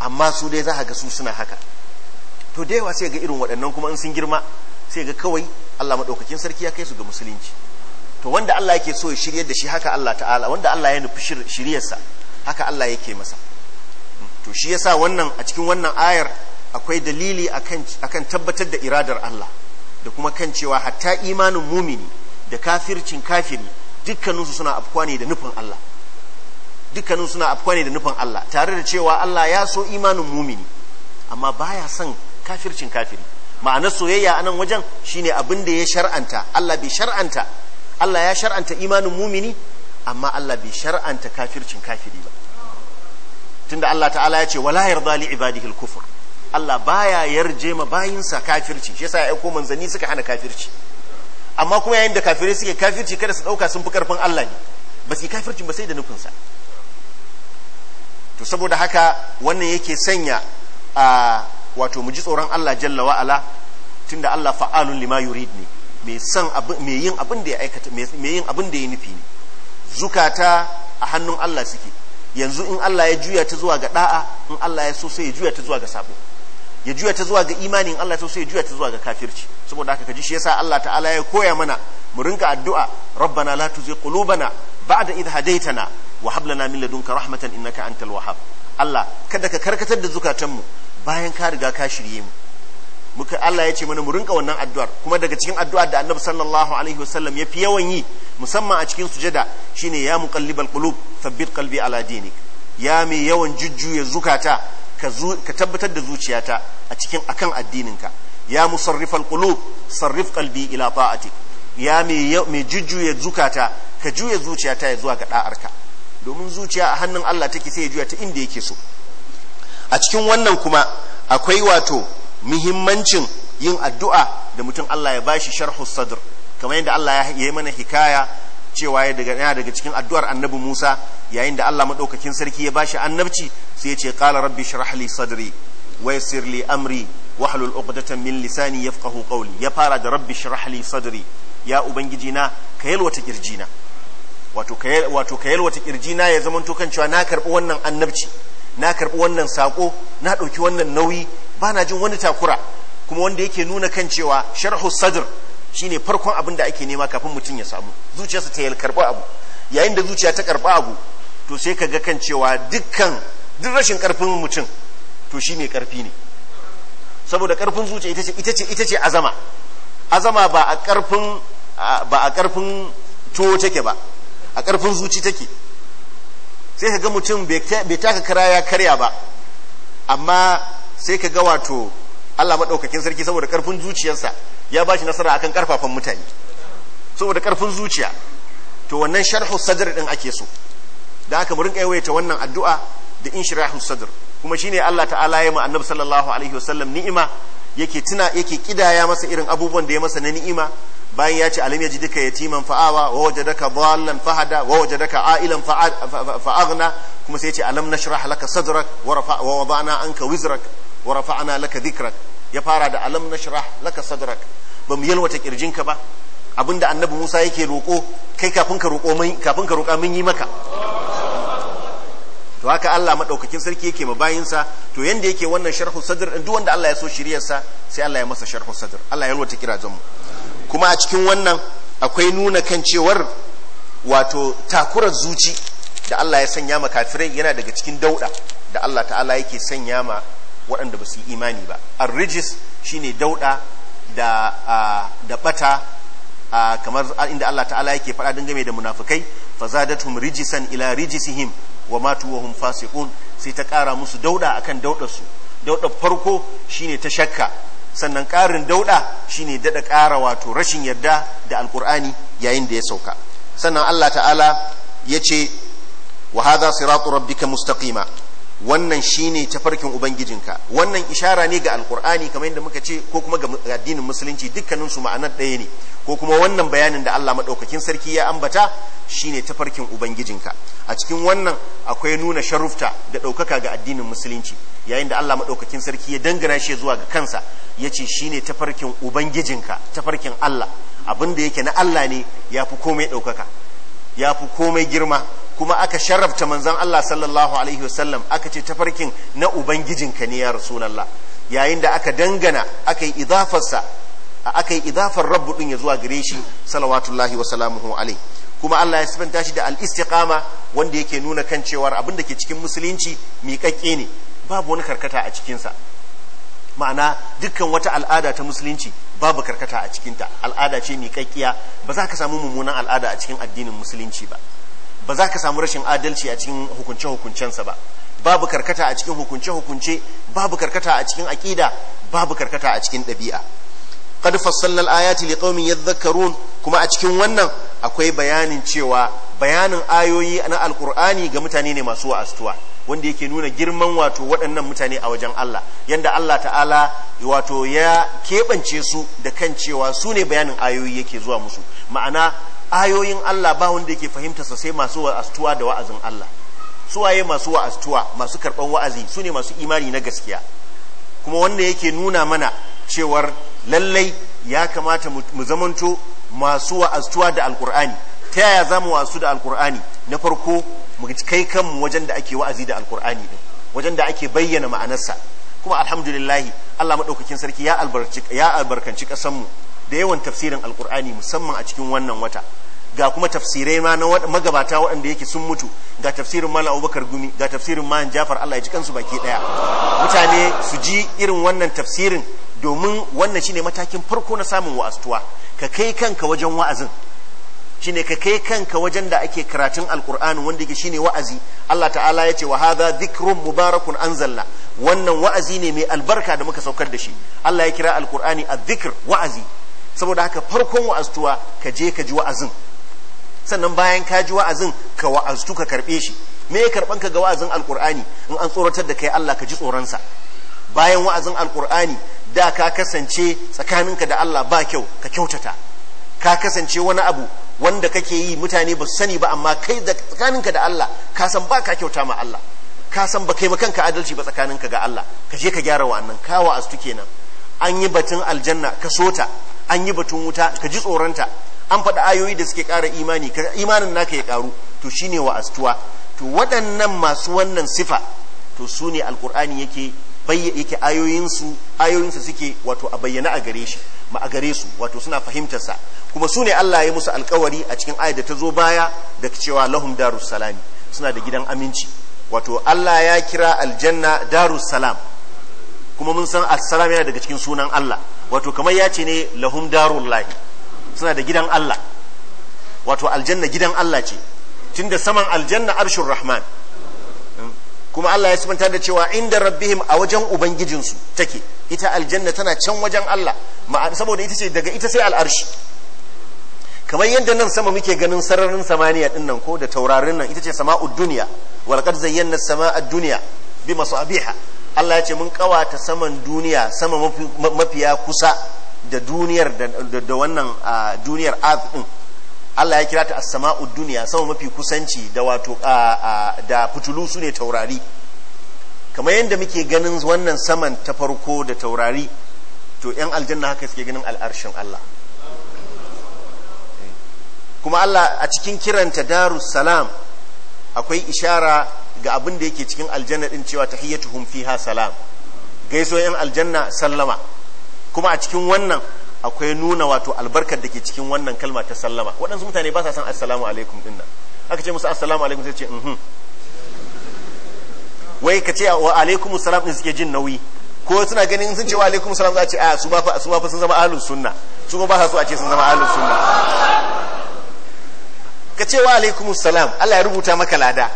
amma su dai za ka ga su suna haka to da yawa sai ga irin waɗannan kuma in sun girma sai ga kawai Allah maɗaukakin sarki ya kai su ga musulunci to wanda Allah yake so ya shiryar da shi haka Allah ta'ala wanda Allah ya nufi shiryarsa haka Allah yake masa to shi yasa wannan a cikin wannan ayar akwai dalili akan tabbatar da iradar Allah da kuma kan cewa hatta imanin mumini da kafircin kafiri dukkaninsu suna afkuwa ne da nufin Allah dukkanin suna afkuwa ne da nufin Allah tare da cewa Allah ya so imanin mumini amma baya son kafircin kafiri ma'anar soyayya a nan wajen shine abin da ya shar'anta Allah bai shar'anta Allah ya shar'anta imanin mumini amma Allah bai shar'anta kafircin kafiri ba tunda Allah ta'ala ya ce wala yarda li ibadihi al-kufr Allah baya yarje ma bayinsa kafirci shi yasa ya aiko manzanni suka hana kafirci amma kuma yayin da kafirai suke kafirci kada su dauka sun fi karfin Allah ne ba su kafircin ba sai da nufin sa to saboda haka wannan yake sanya a wato mu ji tsoron Allah jalla wa ala tunda Allah fa'alun lima yurid ne mai san mai yin abin da ya aikata mai yin abin da ya nufi ne zukata a hannun Allah suke yanzu in Allah ya juya ta zuwa ga da'a in Allah ya so sai ya juya ta zuwa ga sabo ya juya ta zuwa ga imani in Allah ya so sai ya juya ta zuwa ga kafirci saboda haka kaji shi yasa Allah ta'ala ya koya mana mu rinka addu'a rabbana la tuzigh qulubana ba'da idh hadaytana wa hab lana min ladunka rahmatan innaka antal wahhab Allah kada ka karkatar da zukatanmu bayan ka riga ka shirye mu muka Allah ya ce mana mu rinka wannan addu'ar kuma daga cikin addu'ar da Annabi sallallahu alaihi wasallam ya fi yawan yi musamman a cikin sujada shine ya muqallibal qulub thabbit qalbi ala dinik ya mai yawan jujjuya zukata ka ka tabbatar da zuciyata a cikin akan addininka ya musarrifal qulub sarrif qalbi ila ta'atik ya mai jujjuya zukata ka juya zuciyata ya zuwa ga da'arka domin zuciya a hannun Allah take sai ya juya ta inda yake so a cikin wannan kuma akwai wato muhimmancin yin addu'a da mutum Allah ya bashi sharhu sadr kamar yadda Allah ya yi mana hikaya cewa ya daga yana daga cikin addu'ar annabi Musa yayin da Allah maɗaukakin sarki ya bashi annabci sai ya ce qala rabbi sharhali li sadri Wai yassir li amri wahlul uqdatan min lisani yafqahu qawli ya fara da rabbi shrah li sadri ya ubangiji na ka yalwata kirjina wato ka wato ka yalwata kirjina ya zamanto kan cewa na karɓi wannan annabci na karɓi wannan sako na ɗauki wannan nauyi ba na jin wani takura kuma wanda yake nuna kan cewa sharhu sadr shine farkon abin da ake nema kafin mutum ya samu zuciyarsa ta karɓi abu yayin da zuciya ta karɓi abu to sai ka ga kan cewa dukkan duk rashin karfin mutum to shi mai karfi ne saboda karfin zuciya ita ce ita ce azama azama ba a karfin ba a karfin take ba a karfin zuci take sai ka ga mutum bai taka kara ya karya ba amma sai ka ga wato Allah maɗaukakin sarki saboda ƙarfin zuciyarsa ya ba shi nasara akan ƙarfafan mutane saboda ƙarfin zuciya to wannan sharhu sadr din ake so da aka murin rinka yawaita wannan addu'a da inshirahu sadr kuma shi ne Allah ta'ala ya ma'annab sallallahu alaihi wasallam ni'ima yake tuna yake kidaya masa irin abubuwan da ya masa na ni'ima bayan ya ce alim ya ji duka yatiman fa'awa wa waje daka ballan fahada wa waje daka a'ilan fa'agna kuma sai ya ce alam nashrah laka sadrak wa wada'na anka wizrak wa rafa'na laka dhikrak ya fara da alam nashrah laka sadrak ba mu yalwata kirjinka ba abinda annabi Musa yake roƙo kai kafin ka mun kafin ka roƙa mun yi maka to haka Allah madaukakin sarki yake ma bayinsa to yanda yake wannan sharhu sadr duk wanda Allah ya so shiriyarsa sai Allah ya masa sharhu sadr Allah ya yalwata kirajen mu kuma a cikin wannan akwai nuna kan cewar wato takurar zuci da Allah ya sanya ma kafirai yana daga cikin dauda da Allah ta'ala yake sanya ma waɗanda ba su yi imani ba Arrijis rijis shine dauda da da bata kamar inda Allah ta'ala yake faɗa dangane da munafikai fazadatum rijisan ila rijisihim wa matu wa hum fasiqun sai ta ƙara musu dauda akan daudar su daudar farko shine ta shakka sannan ƙarin dauɗa shine daɗa ƙara wato rashin yarda da alƙur'ani yayin da ya sauka sannan Allah ta'ala ya ce wa hadha siratu rabbika mustaqima wannan shine tafarkin ubangijinka wannan ishara ne ga alkur'ani kamar yadda muka ce ko kuma ga addinin musulunci dukkanin su ma'anar ɗaya ne ko kuma wannan bayanin da Allah madaukakin sarki ya ambata shine tafarkin ubangijinka a cikin wannan akwai nuna sharufta da ɗaukaka ga addinin musulunci yayin da Allah maɗaukakin sarki ya dangana shi zuwa ga kansa ya ce shi ne tafarkin ubangijinka tafarkin Allah abin da yake na Allah ne ya fi komai ɗaukaka ya fi komai girma kuma aka sharafta manzan Allah sallallahu alaihi wasallam aka ce tafarkin na ubangijinka ne ya rasulallah yayin da aka dangana aka yi idafarsa aka yi idafar rabbu ɗin ya zuwa gare shi salawatullahi alaihi kuma Allah ya sifanta shi da al-istiqama wanda yake nuna kan cewar abin da ke cikin musulunci miƙaƙƙe ne babu wani karkata a cikinsa ma'ana dukkan wata al'ada ta musulunci babu karkata a cikinta al'ada ce miƙaƙƙiya ba za ka samu mummunan al'ada a cikin addinin musulunci ba ba za ka samu rashin adalci a cikin hukunce-hukuncensa ba babu karkata a cikin hukunce-hukunce babu karkata a cikin aƙida babu karkata a cikin ɗabi'a qad fassalna al-ayati liqaumin yadhakkarun kuma a cikin wannan akwai bayanin cewa bayanin ayoyi na alqur'ani ga mutane ne masu wa'astuwa wanda yake nuna girman wato waɗannan mutane a wajen Allah yanda Allah ta'ala wato ya keɓance su da kan cewa su ne bayanin ayoyi yake zuwa musu ma'ana ayoyin Allah ba wanda yake fahimta sa sai masu wa'astuwa da wa'azin Allah suwaye masu wa'astuwa masu karɓar wa'azi su ne masu imani na gaskiya kuma wanda yake nuna mana cewar lallai ya kamata mu zamanto masu wa'astuwa da alkur'ani ta yaya za mu wasu da alkur'ani na farko mu kai kanmu wajen da ake wa'azi da alkur'ani din wajen da ake bayyana ma'anarsa kuma alhamdulillahi Allah maɗaukakin sarki ya albarkanci mu da yawan tafsirin alkur'ani musamman a cikin wannan wata ga kuma tafsirai ma na magabata waɗanda yake sun mutu ga tafsirin mala abubakar gumi ga tafsirin man jafar allah ya ji kansu baki ɗaya mutane su ji irin wannan tafsirin domin wannan shine matakin farko na samun wa'astuwa ka kai kanka wajen wa'azin shine ka kai kanka wajen da ake karatun alkur'ani wanda yake shine wa'azi Allah ta'ala ya ce wa hadha dhikrun mubarakun anzalna wannan wa'azi ne mai albarka da muka saukar da shi Allah ya kira alkur'ani adh-dhikr wa'azi saboda haka farkon wa'aztuwa ka je ka ji wa'azin sannan bayan ka ji wa'azin ka wa'aztu ka karbe shi me ya karban ka ga wa'azin alkur'ani in an tsoratar da kai Allah ka ji tsoronsa bayan wa'azin alkur'ani da ka kasance tsakaninka da Allah ba kyau ka kyautata ka kasance wani abu wanda kake yi mutane ba su sani ba amma kai da tsakaninka da Allah ka san ba ka kyauta ma Allah ka san ba kai kanka adalci ba tsakaninka ga Allah ka je ka gyara wa'annan kawa astu kenan an yi batun aljanna ka sota an yi batun wuta ka ji tsoronta an faɗi ayoyi da suke ƙara imani ka imanin naka ya ƙaru to shine wa astuwa to waɗannan masu wannan sifa to su ne alƙur'ani yake yake ayoyinsa suke wato a bayyana a gare shi ma a gare su wato suna fahimtar sa kuma su ne Allah ya musu alkawari a cikin ayat da ta zo baya da cewa lahum darus salam suna da gidan aminci wato Allah ya kira aljanna darus salam kuma mun san assalam yana daga cikin sunan Allah wato kamar ya ce ne lahum darul lahi suna da gidan Allah wato aljanna gidan Allah ce tunda saman aljanna arshur rahman kuma Allah ya sifanta da cewa inda rabbihim a wajen ubangijinsu take ita aljanna tana can wajen Allah saboda ita ce daga ita sai al'arshi kamar yadda nan sama muke ganin sararin samaniya din nan ko da taurarin nan ita ce sama'ud duniya wal qad zayyana sama'ad duniya bi masabiha Allah ya ce mun kawata saman duniya sama mafiya kusa da duniyar da wannan duniyar earth Allah ya kira ta as samau duniya sama mafi kusanci da wato da fitulu su ne taurari kamar yadda muke ganin wannan saman ta farko da taurari to yan aljanna haka suke ganin al'arshin Allah kuma Allah a cikin kiranta darus salam akwai ishara ga abin da yake cikin aljanna din cewa tahiyyatuhum fiha salam gaiso yan aljanna sallama kuma a cikin wannan akwai nuna wato albarkar da ke cikin wannan kalma ta sallama waɗansu mutane ba sa san assalamu alaikum din nan aka ce musu assalamu alaikum sai ce mhm wai ka ce wa alaikum salam din suke jin nauyi ko suna ganin sun ce wa alaikum salam za a ce a ah, su ba fa su ba sun zama ahlus sunna su ba su a ce sun zama ahlus sunna ka ce wa alaikum salam Allah ya rubuta maka lada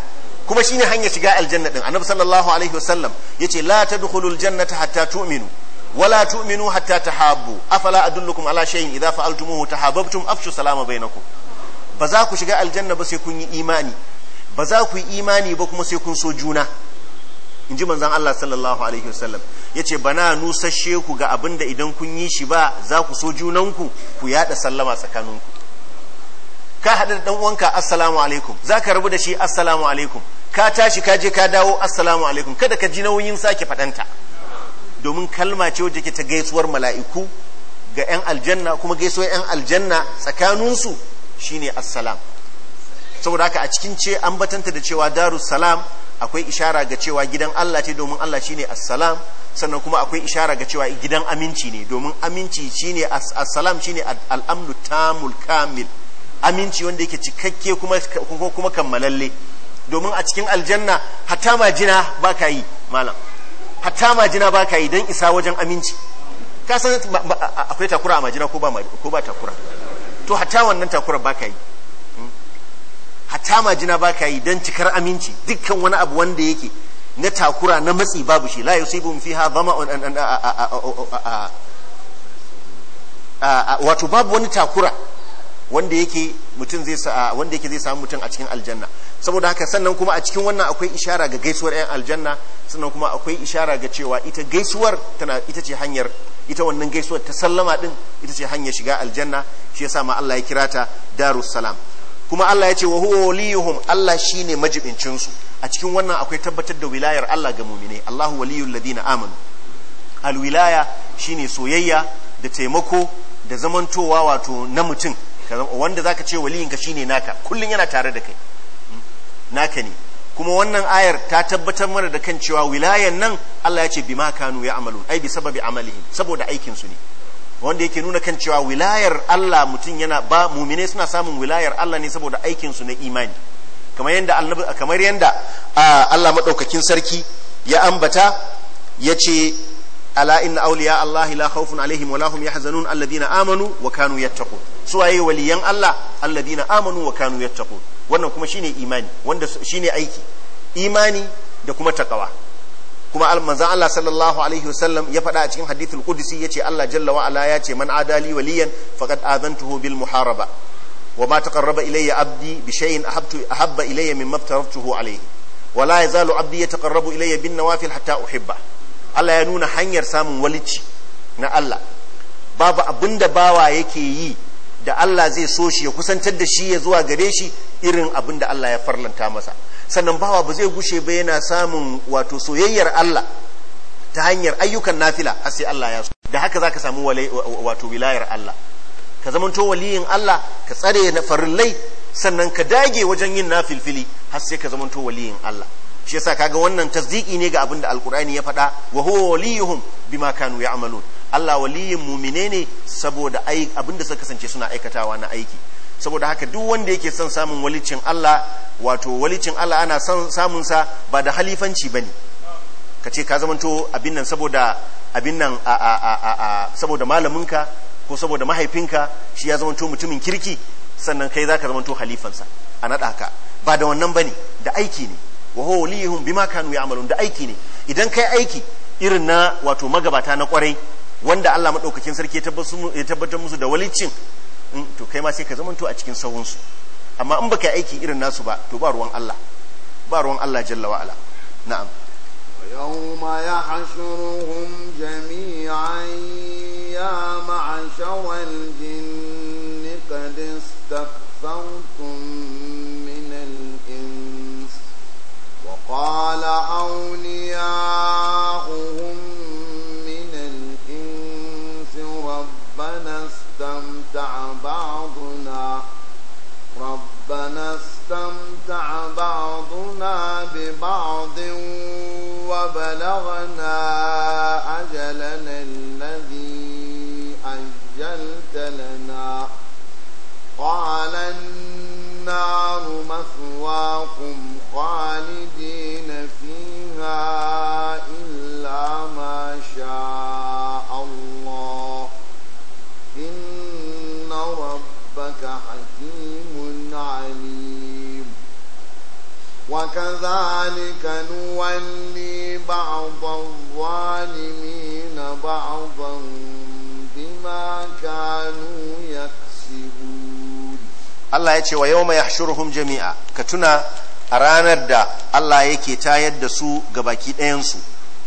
kuma shine hanyar shiga aljanna din annabi sallallahu alaihi wasallam yace la tadkhulul jannata hatta tu'minu wala tu'minu hatta tahabbu afala adullukum ala shay'in idza fa'altumuhu tahabbtum afshu salama bainakum ba za ku shiga aljanna ba sai kun yi imani ba za ku yi imani ba kuma sai kun so juna in ji manzon Allah sallallahu alaihi wasallam yace bana sashe ku ga abin da idan kun yi shi ba za ku so junanku ku yada sallama tsakaninku ka haɗu da dan uwanka assalamu alaikum za ka rabu da shi assalamu alaikum ka tashi ka je ka dawo assalamu alaikum kada ka ji nauyin sake faɗanta domin kalma ce wadda ke ta gaisuwar mala'iku ga 'yan aljanna kuma gaisuwar 'yan aljanna tsakaninsu shine assalam saboda haka a cikin ce an batanta da cewa salam akwai ishara ga cewa gidan Allah ce domin Allah shine assalam sannan kuma akwai ishara ga cewa gidan aminci ne domin aminci shine assalam shine al'amnu tamul kamil aminci wanda yake cikakke kuma kammalalle domin a cikin aljanna hatta majina ba ka yi malam hatta majina ba ka yi don isa wajen aminci ka san akwai takura a majina ko ba takura to hatta wannan takura ba ka yi hatta majina ba ka yi don cikar aminci dukkan wani abu wanda yake na takura na matsi babu shi la yusibu fiha dhama'un an wato babu wani takura wanda yake mutum zai wanda yake zai samu mutum a cikin aljanna saboda haka sannan kuma a cikin wannan akwai ishara ga gaisuwar yan aljanna sannan kuma akwai ishara ga cewa ita gaisuwar tana ita ce hanyar ita wannan gaisuwar ta sallama din ita ce hanyar shiga aljanna shi yasa ma Allah ya kira ta darus salam kuma Allah ya ce wa huwa waliyuhum Allah shine majibincin su a cikin wannan akwai tabbatar da wilayar Allah ga mu'mine Allahu waliyul ladina amanu alwilaya shine soyayya da taimako da zamantowa wato na mutum Ka zama wanda zaka ce ka shine naka kullun yana tare da kai hmm? naka ne kuma wannan ayar ta tabbatar mana da kan cewa wilayan nan Allah ya ce bima kanu ya amalu ai bi sababi amalihim saboda aikin su ne wanda yake nuna kan cewa wilayar Allah mutum yana ba mumine suna samun wilayar Allah ne saboda aikin su na imani kamar yanda kamar yanda ah, Allah madaukakin sarki ya ambata yace ala inna awliya Allah la khawfun alaihim wa lahum yahzanun alladhina amanu wa kanu yattaqun su waye waliyan Allah alladhina amanu wa kanu yattaqun wannan kuma shine imani wanda shine aiki imani da kuma takawa kuma manzon Allah sallallahu alaihi wasallam ya faɗa a cikin hadithul qudsi yace Allah jalla wa ala ce man adali waliyan faqad adantuhu bil muharaba wa ma taqarraba ilayya abdi bi shay'in ahabtu ahabba ilayya mimma aftaratuhu alayhi wa la yazalu abdi yataqarrabu ilayya bin nawafil hatta uhibba Allah ya nuna hanyar samun walici na Allah babu abin da bawa yake yi da Allah zai so shi ya kusantar da shi ya zuwa gare shi irin abin da Allah ya farlanta masa sannan bawa ba zai gushe ba yana samun wato soyayyar Allah ta hanyar ayyukan nafila har sai Allah ya so da haka zaka samu wato wilayar Allah ka zamanto waliyin Allah ka tsare na farillai sannan ka dage wajen yin nafilfili har sai ka zamanto waliyin Allah shi yasa kaga wannan tasdiki ne ga abin da alkur'ani ya faɗa wa huwa waliyuhum bima kanu ya'malun Allah waliyin mumine ne saboda abin da suka kasance suna aikatawa na aiki saboda haka duk wanda yake son samun walicin Allah wato walicin Allah ana son samun sa ba da halifanci bane ka ce ka zamanto abin nan saboda abin nan a a a a, a saboda malaminka ko saboda mahaifinka shi ya zamanto mutumin kirki sannan kai zaka zamanto halifansa a naɗa ka ba da wannan bane da aiki ne wa huwa waliyuhum bima kanu ya'malun da aiki ne idan kai aiki irin na wato magabata na kwarai wanda Allah madaukakin sarki ya tabbatar musu da walicin to kai ma sai ka zamanto a cikin sahun su amma in baka aiki irin nasu ba to ba ruwan Allah ba ruwan Allah jalla wa ala na'am يوم يحشرهم جميعا يا معشر الجن قد استكثرتم قال أولياؤهم من الإنس ربنا استمتع بعضنا ربنا استمتع بعضنا ببعض وبلغنا أجلنا الذي أجلت لنا قال النار مثواكم خالدين فيها إلا ما شاء الله إن ربك حكيم عليم وكذلك نولي بعض الظالمين بعضا بما كانوا يكسبون الله يتشوى يوم يحشرهم جميعا كتنا a ranar da Allah yake tayar da su ga baki ɗayansu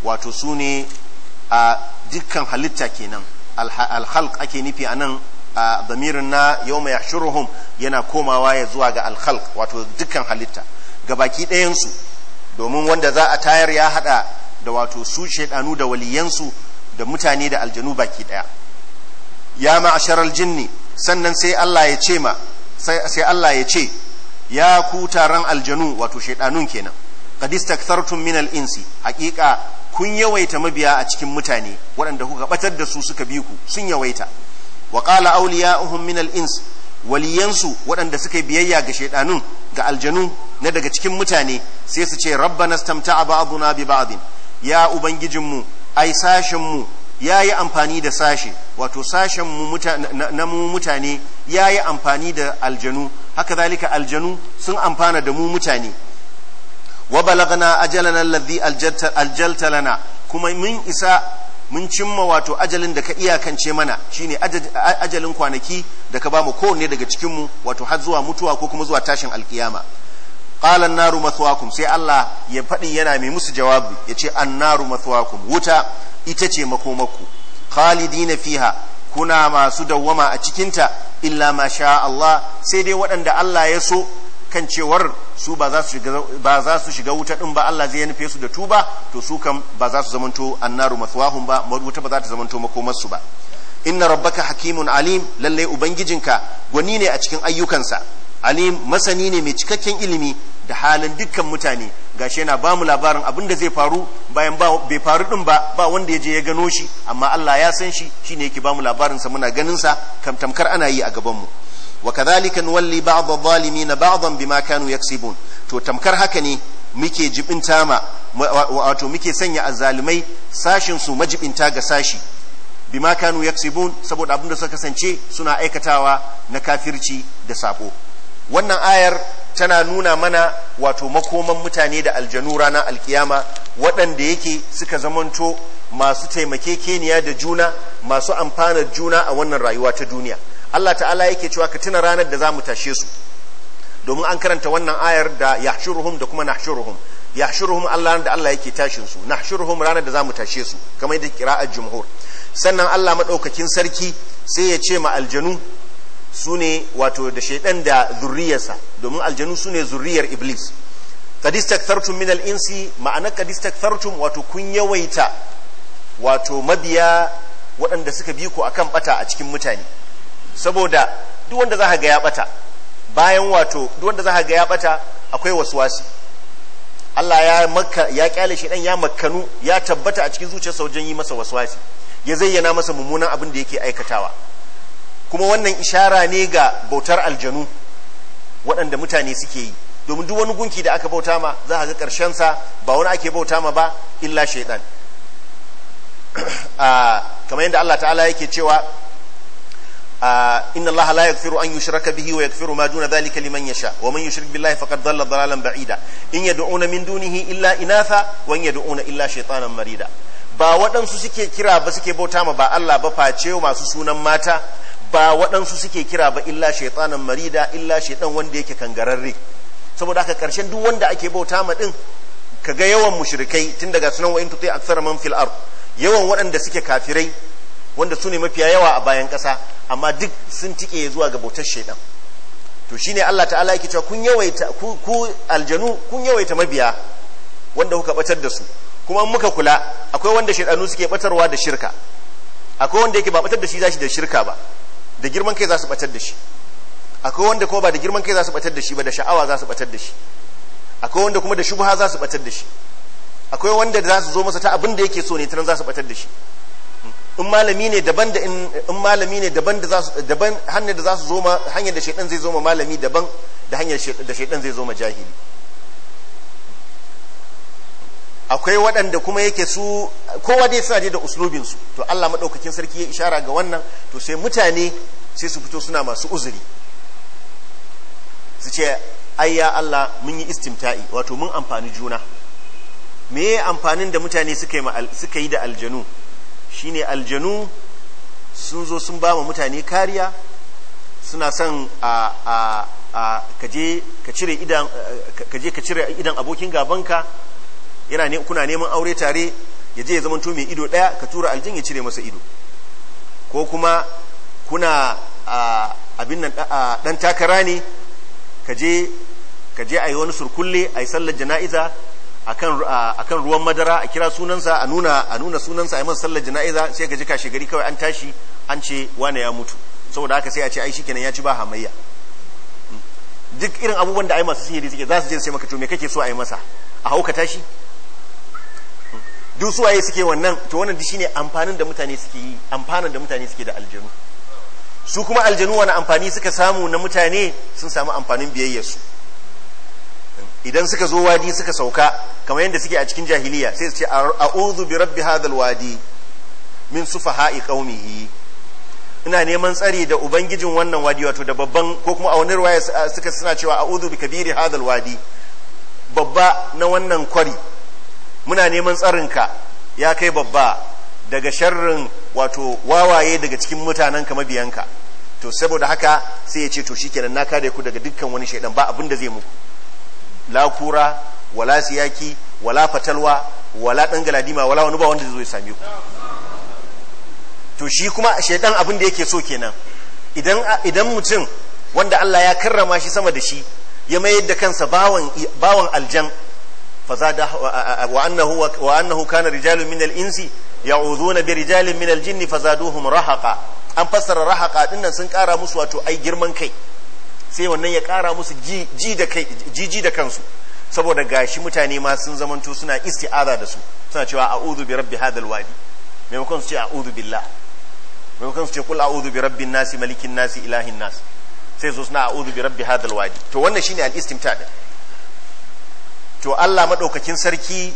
wato su ne a dukkan halitta kenan alhalk ake nufi a nan a damirin na yau mai shuruhum yana komawa ya zuwa ga alhalk wato dukkan halitta ga baki ɗayansu domin wanda za a tayar ya haɗa da wato su shaidanu da waliyansu da mutane da aljanu baki ɗaya ya ma'ashar jinni sannan sai Allah ya ce ma sai Allah ya ce ya ku taron aljanu wato shaidanun kenan qadis istakthartum min al-insi haqiqa kun yawaita mabiya a cikin mutane waɗanda kuka batar da su suka bi ku sun yawaita wa qala awliya'uhum min al-ins waliyansu waɗanda suka biyayya ga shaidanun ga aljanu na daga cikin mutane sai su ce rabbana stamta'a ba'duna bi ba'din ya ubangijinmu ai sashin mu ya yi amfani da sashe wato sashen na mu mutane ya yi amfani da aljanu haka zalika aljanu sun amfana da mu mutane wa balagana ajalana alladhi aljalta lana kuma mun isa mun cimma wato ajalin da ka iyakance mana shine ajalin kwanaki da ka bamu kowanne daga cikin mu wato har zuwa mutuwa ko kuma zuwa tashin alkiyama qala an-naru mathwaakum sai Allah ya fadi yana mai musu jawabi yace an-naru mathwaakum wuta ita ce makomakku khalidina fiha kuna masu dawwama a cikin ta illa ma sha Allah sai dai waɗanda Allah ya so kan cewar su ba za su shiga ba za su shiga wuta din ba Allah zai nufe su da tuba to su kam ba za su zamanto annaru ba wuta ba za ta zamanto makomar ba inna rabbaka hakimun alim lalle ubangijinka gwani ne a cikin ayyukansa alim masani ne mai cikakken ilimi da halin dukkan mutane gashi yana bamu labarin abin da zai faru bayan bai faru din ba ba wanda ya je ya gano shi amma Allah ya san shi shine yake ba mu labarin sa muna ganin sa kam tamkar ana yi a gaban mu wa kadhalika nuwalli ba'd adh-dhalimin ba'dan bima kanu yaksibun to tamkar haka ne muke jibinta ma wato muke sanya azzalumai sashin su majibinta ga sashi bima kanu yaksibun saboda abin da suka kasance suna aikatawa na kafirci da sabo wannan ayar tana nuna mana wato makoman mutane da aljanu rana alkiyama waɗanda yake suka zamanto masu taimake keniya da juna masu amfanar juna a wannan rayuwa ta duniya Allah ta'ala yake cewa ka tuna ranar da za mu tashe su domin an karanta wannan ayar da yahshuruhum da kuma nahshuruhum yahshuruhum Allah da Allah yake tashin su nahshuruhum ranar da za mu tashe su kamar da kira'ar jumhur sannan Allah madaukakin sarki sai ya ce ma aljanu su ne wato da shaidan da zurriyarsa domin aljanu su ne zurriyar iblis kadistak tartum minal insi ma'anar kadistak tartum wato kun yawaita wato mabiya waɗanda suka bi ku akan bata a cikin mutane saboda duk wanda za ga ya bata bayan wato duk wanda za ga ya bata akwai waswasi Allah ya makka ya kyale shaidan ya makkanu ya tabbata a cikin zuciyarsa wajen yi masa waswasi ya zayyana masa mummunan abin da yake aikatawa kuma wannan ishara ne ga bautar aljanu waɗanda mutane suke yi domin duk wani gunki da aka bauta ma za a ga sa ba wani ake bauta ma ba illa shaidan ah, kamar yadda Allah ta'ala yake cewa ah, inna Allah la yaghfiru an yushraka bihi wa yaghfiru ma duna dhalika liman yasha wa man yushrik billahi faqad dhalla dhalalan ba'ida in yad'una min dunihi illa inatha wa in yad'una illa shaytanan marida ba waɗansu suke kira ba suke bauta ma ba Allah ba face masu sunan mata ba waɗansu suke kira ba illa shaitanan marida illa shaitan wanda yake kangararre saboda haka ƙarshen duk wanda ake bauta ma ɗin ka ga yawan mushrikai tun daga sunan wa'in tutai a man fil ar yawan waɗanda suke kafirai wanda su ne mafiya yawa a bayan ƙasa amma duk sun tike zuwa ga bautar shaitan to shine Allah ta'ala yake cewa kun yawaita ku, aljanu kun yawaita mabiya wanda kuka batar da su kuma muka kula akwai wanda shaitanu suke batarwa da shirka akwai wanda yake ba batar da shi zashi da shirka ba da girman kai za su batar da shi akwai wanda kuma ba da girman kai za su batar da shi ba da sha'awa za su batar da shi akwai wanda kuma da shubha za su batar da shi akwai wanda za su zo masa ta abin da yake so ne tunan za su batar da shi in malami ne daban da in malami ne daban da za su daban hanyar da za su zo ma hanyar da shaidan zai zo ma malami daban da hanyar da shaidan zai zo ma jahili akwai waɗanda kuma yake su kowa dai suna je da uslubinsu to Allah maɗaukakin sarki ya ishara ga wannan to sai mutane sai su fito suna masu uzuri su ce ai ya Allah mun yi istimta'i wato mun amfani juna me amfanin da mutane suka yi da aljanu shine aljanu sun zo sun ba mutane kariya suna son a kaje ka cire idan abokin gabanka yana ne kuna neman aure tare ya je ya zama tumi ido daya ka tura aljin ya cire masa ido ko kuma kuna abin nan dan takara ne ka je ka je ayi wani surkulle ayi sallar jana'iza akan akan ruwan madara a kira sunansa a nuna a nuna sunansa a masa sallar jana'iza sai ka ji kashe gari kawai an tashi an ce wani ya mutu saboda haka sai a ce ai shikenan ya ci ba hamayya hmm. duk irin abubuwan da ai masu sihiri suke za su je yi maka to me kake so a yi masa a hauka tashi duk suwaye suke wannan to wannan dishi shine amfanin da mutane suke yi amfanin da mutane suke da aljanu su kuma aljanu wani amfani suka samu na mutane sun samu amfanin biyayyarsu idan suka zo wadi suka sauka kamar yadda suke a cikin jahiliya sai su ce a'udhu bi rabbi hadal wadi min sufaha'i qaumihi ina neman tsari da ubangijin wannan wadi wato da babban ko kuma a wani riwaya suka suna cewa a'udhu bi kabiri hadal wadi babba na wannan kwari muna neman tsarinka ya kai babba daga sharrin wato wawaye daga cikin mutanen ka mabiyanka to saboda haka sai ya ce to shikenan na kare ku daga dukkan wani shaidan ba abin da zai muku la kura wala siyaki wala fatalwa wala dan galadima wala wani ba wanda zai same ku to shi kuma shaidan abin da yake so kenan idan idan mutum wanda Allah ya karrama shi sama da shi ya mayar da kansa bawan bawan aljan فزاد وأنه, وأنه كان رجال من الإنس يعوذون برجال من الجن فزادوهم رهقا أن فسر رهقا إن سنكارا مسواتو أي جرمان كي sai wannan ya kara musu jiji da kansu saboda gashi mutane ma sun zamanto suna isti'aza da su suna cewa a'udhu bi rabbi hadal wadi maimakon su ce a'udhu billah maimakon su ce kul a'udhu bi rabbin nasi malikin nasi ilahin nasi sai su suna a'udhu bi rabbi hadal wadi to wannan shine al-istimta to Allah maɗaukakin sarki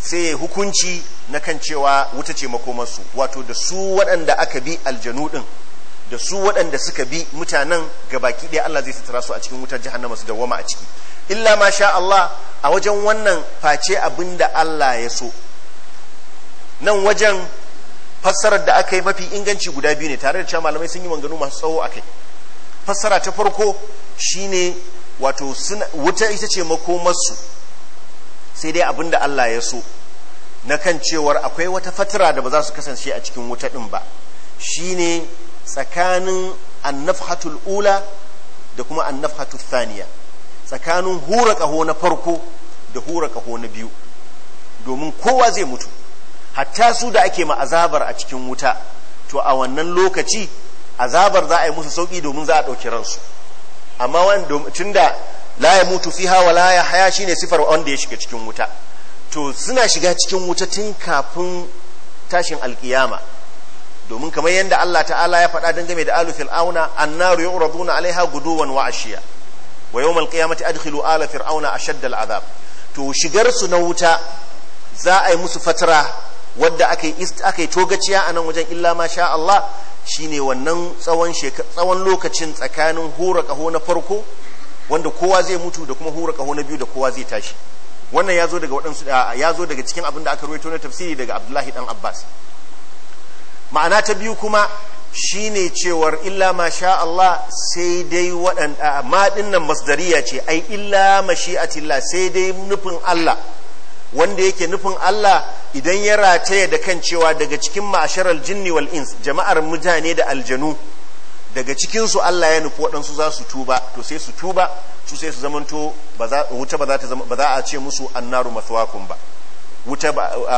sai ya hukunci na kan cewa wuta ce makomarsu wato da su waɗanda aka bi aljanu ɗin da su waɗanda suka bi mutanen ga baki ɗaya Allah zai sutura su a cikin wutar jahannama su dawwama a ciki illa ma sha Allah a wajen wannan face abin da Allah ya so nan wajen fassarar da aka yi mafi inganci guda biyu ne tare da cewa malamai sun yi manganu masu tsawo akai fassara ta farko shine wato wuta ita ce makomarsu sai dai abin da Allah ya so na kan cewar akwai wata fatira da ba za su kasance a cikin wuta ɗin ba shine tsakanin annafhatul ula da kuma annafhatul thaniya tsakanin hura ƙaho na farko da hura ƙaho na biyu domin kowa zai mutu hatta su da ake ma'azabar a cikin wuta to a wannan lokaci azabar za a yi musu sauki domin za a ɗauki ransu amma tun da la ya mutu fiha wa la ya haya shine sifar wanda ya shiga cikin wuta to suna shiga cikin wuta tun kafin tashin alkiyama domin kamar yadda Allah ta'ala ya faɗa dangane da alu fir'auna annaru yu'raduna alaiha guduwan wa ashiya wa yawmal qiyamati adkhilu ala fir'auna ashaddal azab to shigar su na wuta za a yi musu fatara wadda aka yi togaciya a nan wajen illa ma sha Allah shine wannan tsawon tsawon lokacin tsakanin hura kaho na farko wanda kowa zai mutu da kuma hura kaho na biyu da kowa zai tashi wannan ya zo daga waɗansu ya daga cikin abin da aka rawaito na tafsiri daga abdullahi dan abbas ma'ana ta biyu kuma shine cewar illa ma sha Allah sai dai waɗanda ma dinnan masdariya ce ai illa mashi'atillah sai dai nufin Allah wanda yake nufin Allah idan ya rataya da kan cewa daga cikin ma'asharal jinni wal ins jama'ar mutane da aljanu daga cikinsu Allah ya nufi waɗansu za su tuba to sai su tuba su sai su zamanto wuta ba za a ce musu annaru mathwakum ba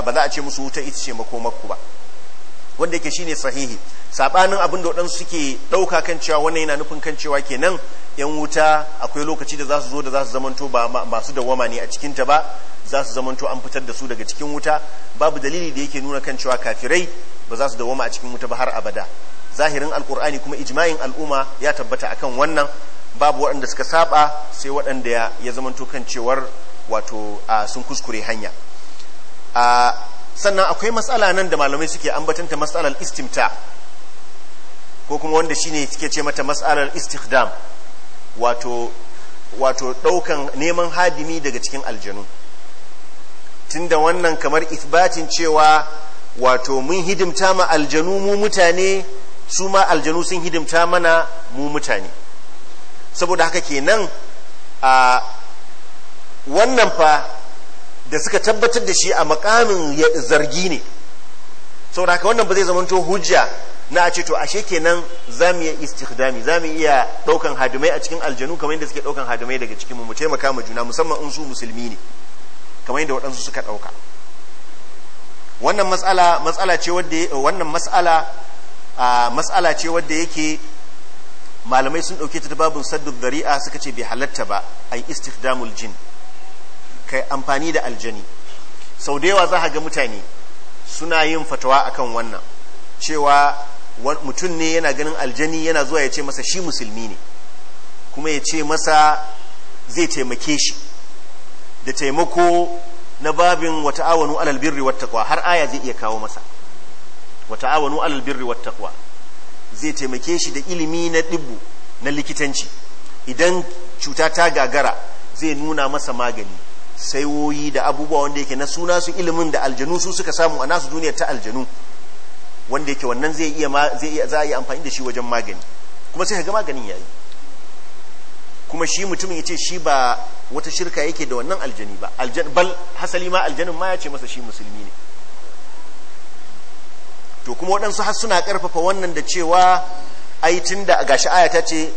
ba za a ce musu wuta ita ce makomakku ba wanda yake shine sahihi sabanin abin da waɗansu suke ɗauka kan cewa wannan yana nufin kan cewa kenan yan wuta akwai lokaci da za su zo da za su zamanto ba masu dawama ne a cikinta ba za su zamanto an fitar da su daga cikin wuta babu dalili da yake nuna kan cewa kafirai ba za su dawama a cikin wuta ba har abada zahirin alkur'ani kuma ijma'in al'umma ya tabbata akan wannan babu waɗanda suka saba sai waɗanda ya zama kan cewar wato sun kuskure hanya sannan akwai matsala nan da malamai suke ambatanta matsalar istimta ko kuma wanda shine suke ce mata matsalar istikdam wato ɗaukan neman hadimi daga cikin aljanu tunda wannan kamar ifbatin cewa wato mun hidimta ma aljanu mu mutane su ma aljanu sun hidimta mana mu mutane saboda haka kenan a wannan fa da suka tabbatar da shi a makamin zargi ne saboda haka wannan ba zai zamanto hujja na a ce to ashe kenan za mu iya istihdami za mu iya ɗaukan hadimai a cikin aljanu kamar yadda suke ɗaukan hadimai daga cikin mu taimaka ma juna musamman in su musulmi ne kamar yadda waɗansu suka ɗauka wannan matsala matsala ce wadda wannan matsala a matsala ce wadda yake malamai sun ɗauke ta babin saddu dari'a suka ce bai halatta ba a yi jin kai amfani da aljani sau da yawa za a ga mutane suna yin fatawa akan wannan cewa mutum ne yana ganin aljani yana zuwa ya ce masa shi musulmi ne kuma ya ce masa zai taimake shi da taimako na babin wata awanu alal birri wata har aya zai iya kawo masa wa ta'awanu alal birri wat taqwa zai taimake shi da ilimi na dibbu na likitanci idan cuta ta gagara zai nuna masa magani sai woyi da abubuwa wanda yake na suna su ilimin da aljanu su suka samu a nasu duniyar ta aljanu wanda yake wannan zai iya zai iya za a yi amfani da shi wajen magani kuma sai ga maganin yayi kuma shi mutumin ya shi ba wata shirka yake da wannan aljani ba aljan bal hasali ma aljanin ma ya ce masa shi musulmi ne to kuma waɗansu har suna ƙarfafa wannan da cewa aitin tunda ga shi ta ce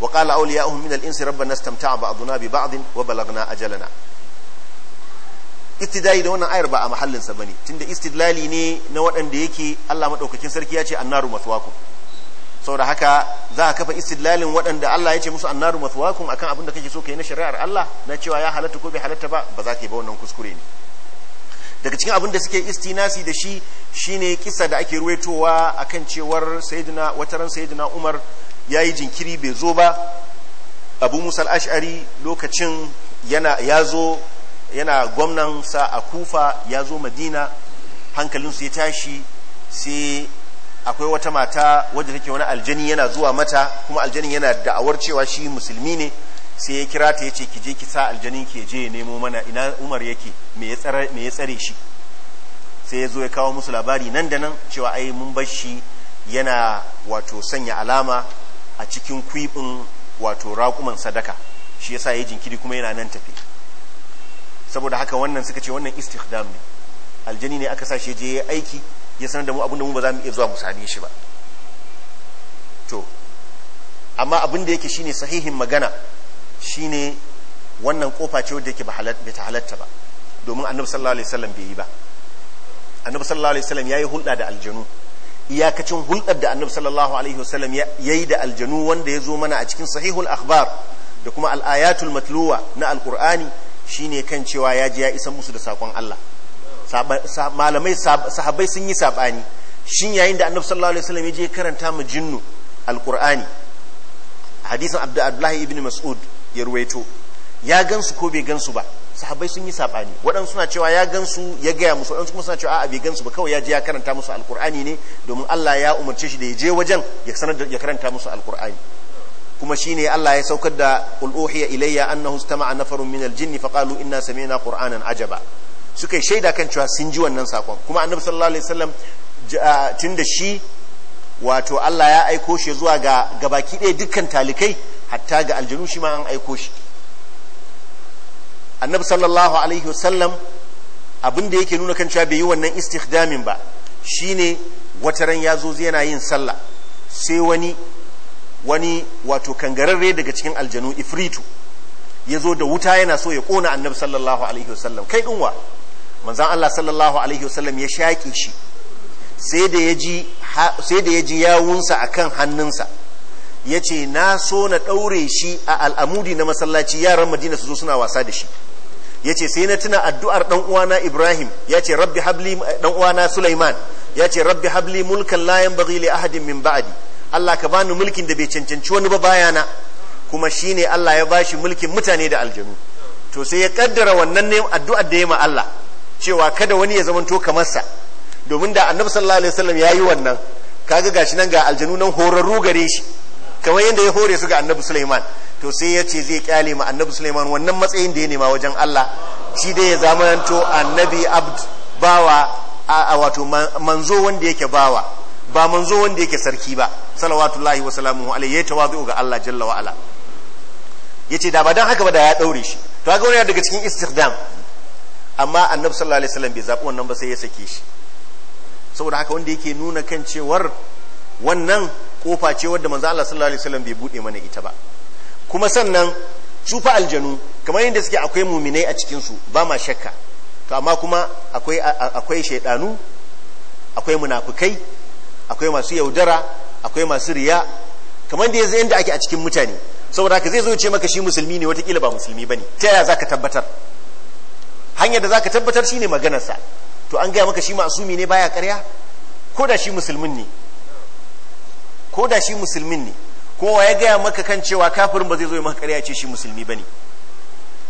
wa qala awliya'uhum min al-insi stamta a ba'duna bi ba'din wa balagna jalana istidlali da wannan ayar ba a mahallin sa ne tunda istidlali ne na waɗanda yake Allah maɗaukakin sarki ya ce annaru maswakum saboda haka za a kafa istidlalin waɗanda Allah ya ce musu annaru maswakum akan abin da kake so kai na shari'ar Allah na cewa ya halatta ko bai halatta ba ba za ka yi ba wannan kuskure ne daga cikin abin da suke istinasi da shi shine kisa da ake ruwaitowa akan cewar sayyidina wataran sayyidina Umar yayi jinkiri bai zo ba Abu Musa al-Ash'ari lokacin yana yazo yana gwamnan sa a Kufa ya zo Madina hankalinsu ya tashi sai akwai wata mata wadda take wani aljani yana zuwa mata kuma aljani yana da'awar cewa shi musulmi ne sai ya kira ta yace ki je ki sa aljanin ki je ya nemo mana ina Umar yake me ya tsare shi sai ya zo ya kawo musu labari nan da nan cewa ai mun bar shi yana wato sanya alama a cikin kwibin wato raƙuman sadaka shi yasa ya jinkiri kuma yana nan tafi saboda haka wannan suka ce wannan istikhdam ne aljani ne aka sa shi je ya aiki ya sanar da mu abinda mu ba za mu iya zuwa mu same shi ba to amma abin da yake shine sahihin magana shine wannan kofa ce wadda yake bai ta halatta ba domin annabi sallallahu alaihi wasallam bai yi ba annabi sallallahu alaihi wasallam yayi hulɗa da aljanu iyakacin hulɗar da annabi sallallahu alaihi wasallam yayi da aljanu wanda ya zo mana a cikin sahihul akhbar da kuma al-ayatul matluwa na alqur'ani shine kan cewa ya ji ya isa musu da sakon Allah malamai sahabbai sun yi sabani shin yayin da annabi sallallahu alaihi wasallam ya je karanta mu jinnu alqur'ani hadisin abdullahi ibn mas'ud ya ruwaito ya gansu ko bai gansu ba sahabai sun yi sabani waɗansu suna cewa ya gansu ya gaya musu waɗansu kuma suna cewa a'a bai gansu ba kawai ya je ya karanta musu alkur'ani ne domin Allah ya umarce shi da ya je wajen ya sanar da ya karanta musu alkur'ani kuma shine Allah ya saukar da qul ilayya annahu istama'a nafarun min aljinni faqalu inna sami'na qur'anan ajaba suka shaida kan cewa sun ji wannan sakon kuma annabi sallallahu alaihi wasallam tunda shi wato Allah ya aiko shi zuwa ga gabaki ɗaya dukkan talikai hatta ga aljanu shi ma an aiko shi annabi sallallahu alaihi wasallam abin da yake nuna kan cewa bai yi wannan istikhdamin ba shine wata ran ya zo yana yin sallah sai wani wani wato kangararre daga cikin aljanu ifritu ya zo da wuta yana so ya kona annabi sallallahu alaihi wasallam kai dinwa manzan Allah sallallahu alaihi wasallam ya shaƙe shi sai da ya ji yawunsa akan hannunsa ya ce na so na ɗaure shi a al'amudi na masallaci yaran madina su zo suna wasa da shi ya ce sai na tuna addu'ar ɗan’uwana ibrahim ya ce rabbi habli ɗan’uwana uwana sulaiman ya ce rabbi habli mulkan layan baghi ahadin min ba'adi allah ka bani mulkin da bai cancanci wani ba bayana kuma shine allah ya bashi mulkin mutane da aljanu to sai ya kaddara wannan ne addu'ar da ya ma allah cewa kada wani ya zamanto kamar sa domin da annabi sallallahu alaihi wasallam yayi wannan kaga gashi nan ga aljanu nan horarru gare shi kamar yadda ya hore su ga annabi suleiman to sai ya ce zai kyale ma annabi suleiman wannan matsayin da ya nema wajen Allah shi dai ya zamananto annabi abd bawa a wato manzo wanda yake bawa ba manzo wanda yake sarki ba salawatullahi wa salamuhu alai ya ta tawazu ga Allah jalla wa ala yace da ba don haka ba da ya daure shi to haka wani daga cikin istikdam amma annabi sallallahu alaihi wasallam bai zaɓi wannan ba sai ya sake shi saboda haka wanda yake nuna kan cewar wannan kofa ce wadda manzo Allah sallallahu alaihi wasallam bai bude mana ita ba kuma sannan sufa aljanu kamar yadda suke akwai muminai a cikin su ba ma shakka to amma kuma akwai akwai shaydanu akwai munafikai akwai masu yaudara akwai masu riya kamar da yanzu inda ake a cikin mutane saboda ka zai zo ce maka shi musulmi ne kila ba musulmi bane ta yaya zaka tabbatar hanyar da zaka tabbatar shine maganarsa to an gaya maka shi masu ne baya karya ko da shi musulmin ne ko da shi musulmin ne kowa ya gaya maka kan cewa kafirin ba zai zo maka ƙarya ce shi musulmi ba ne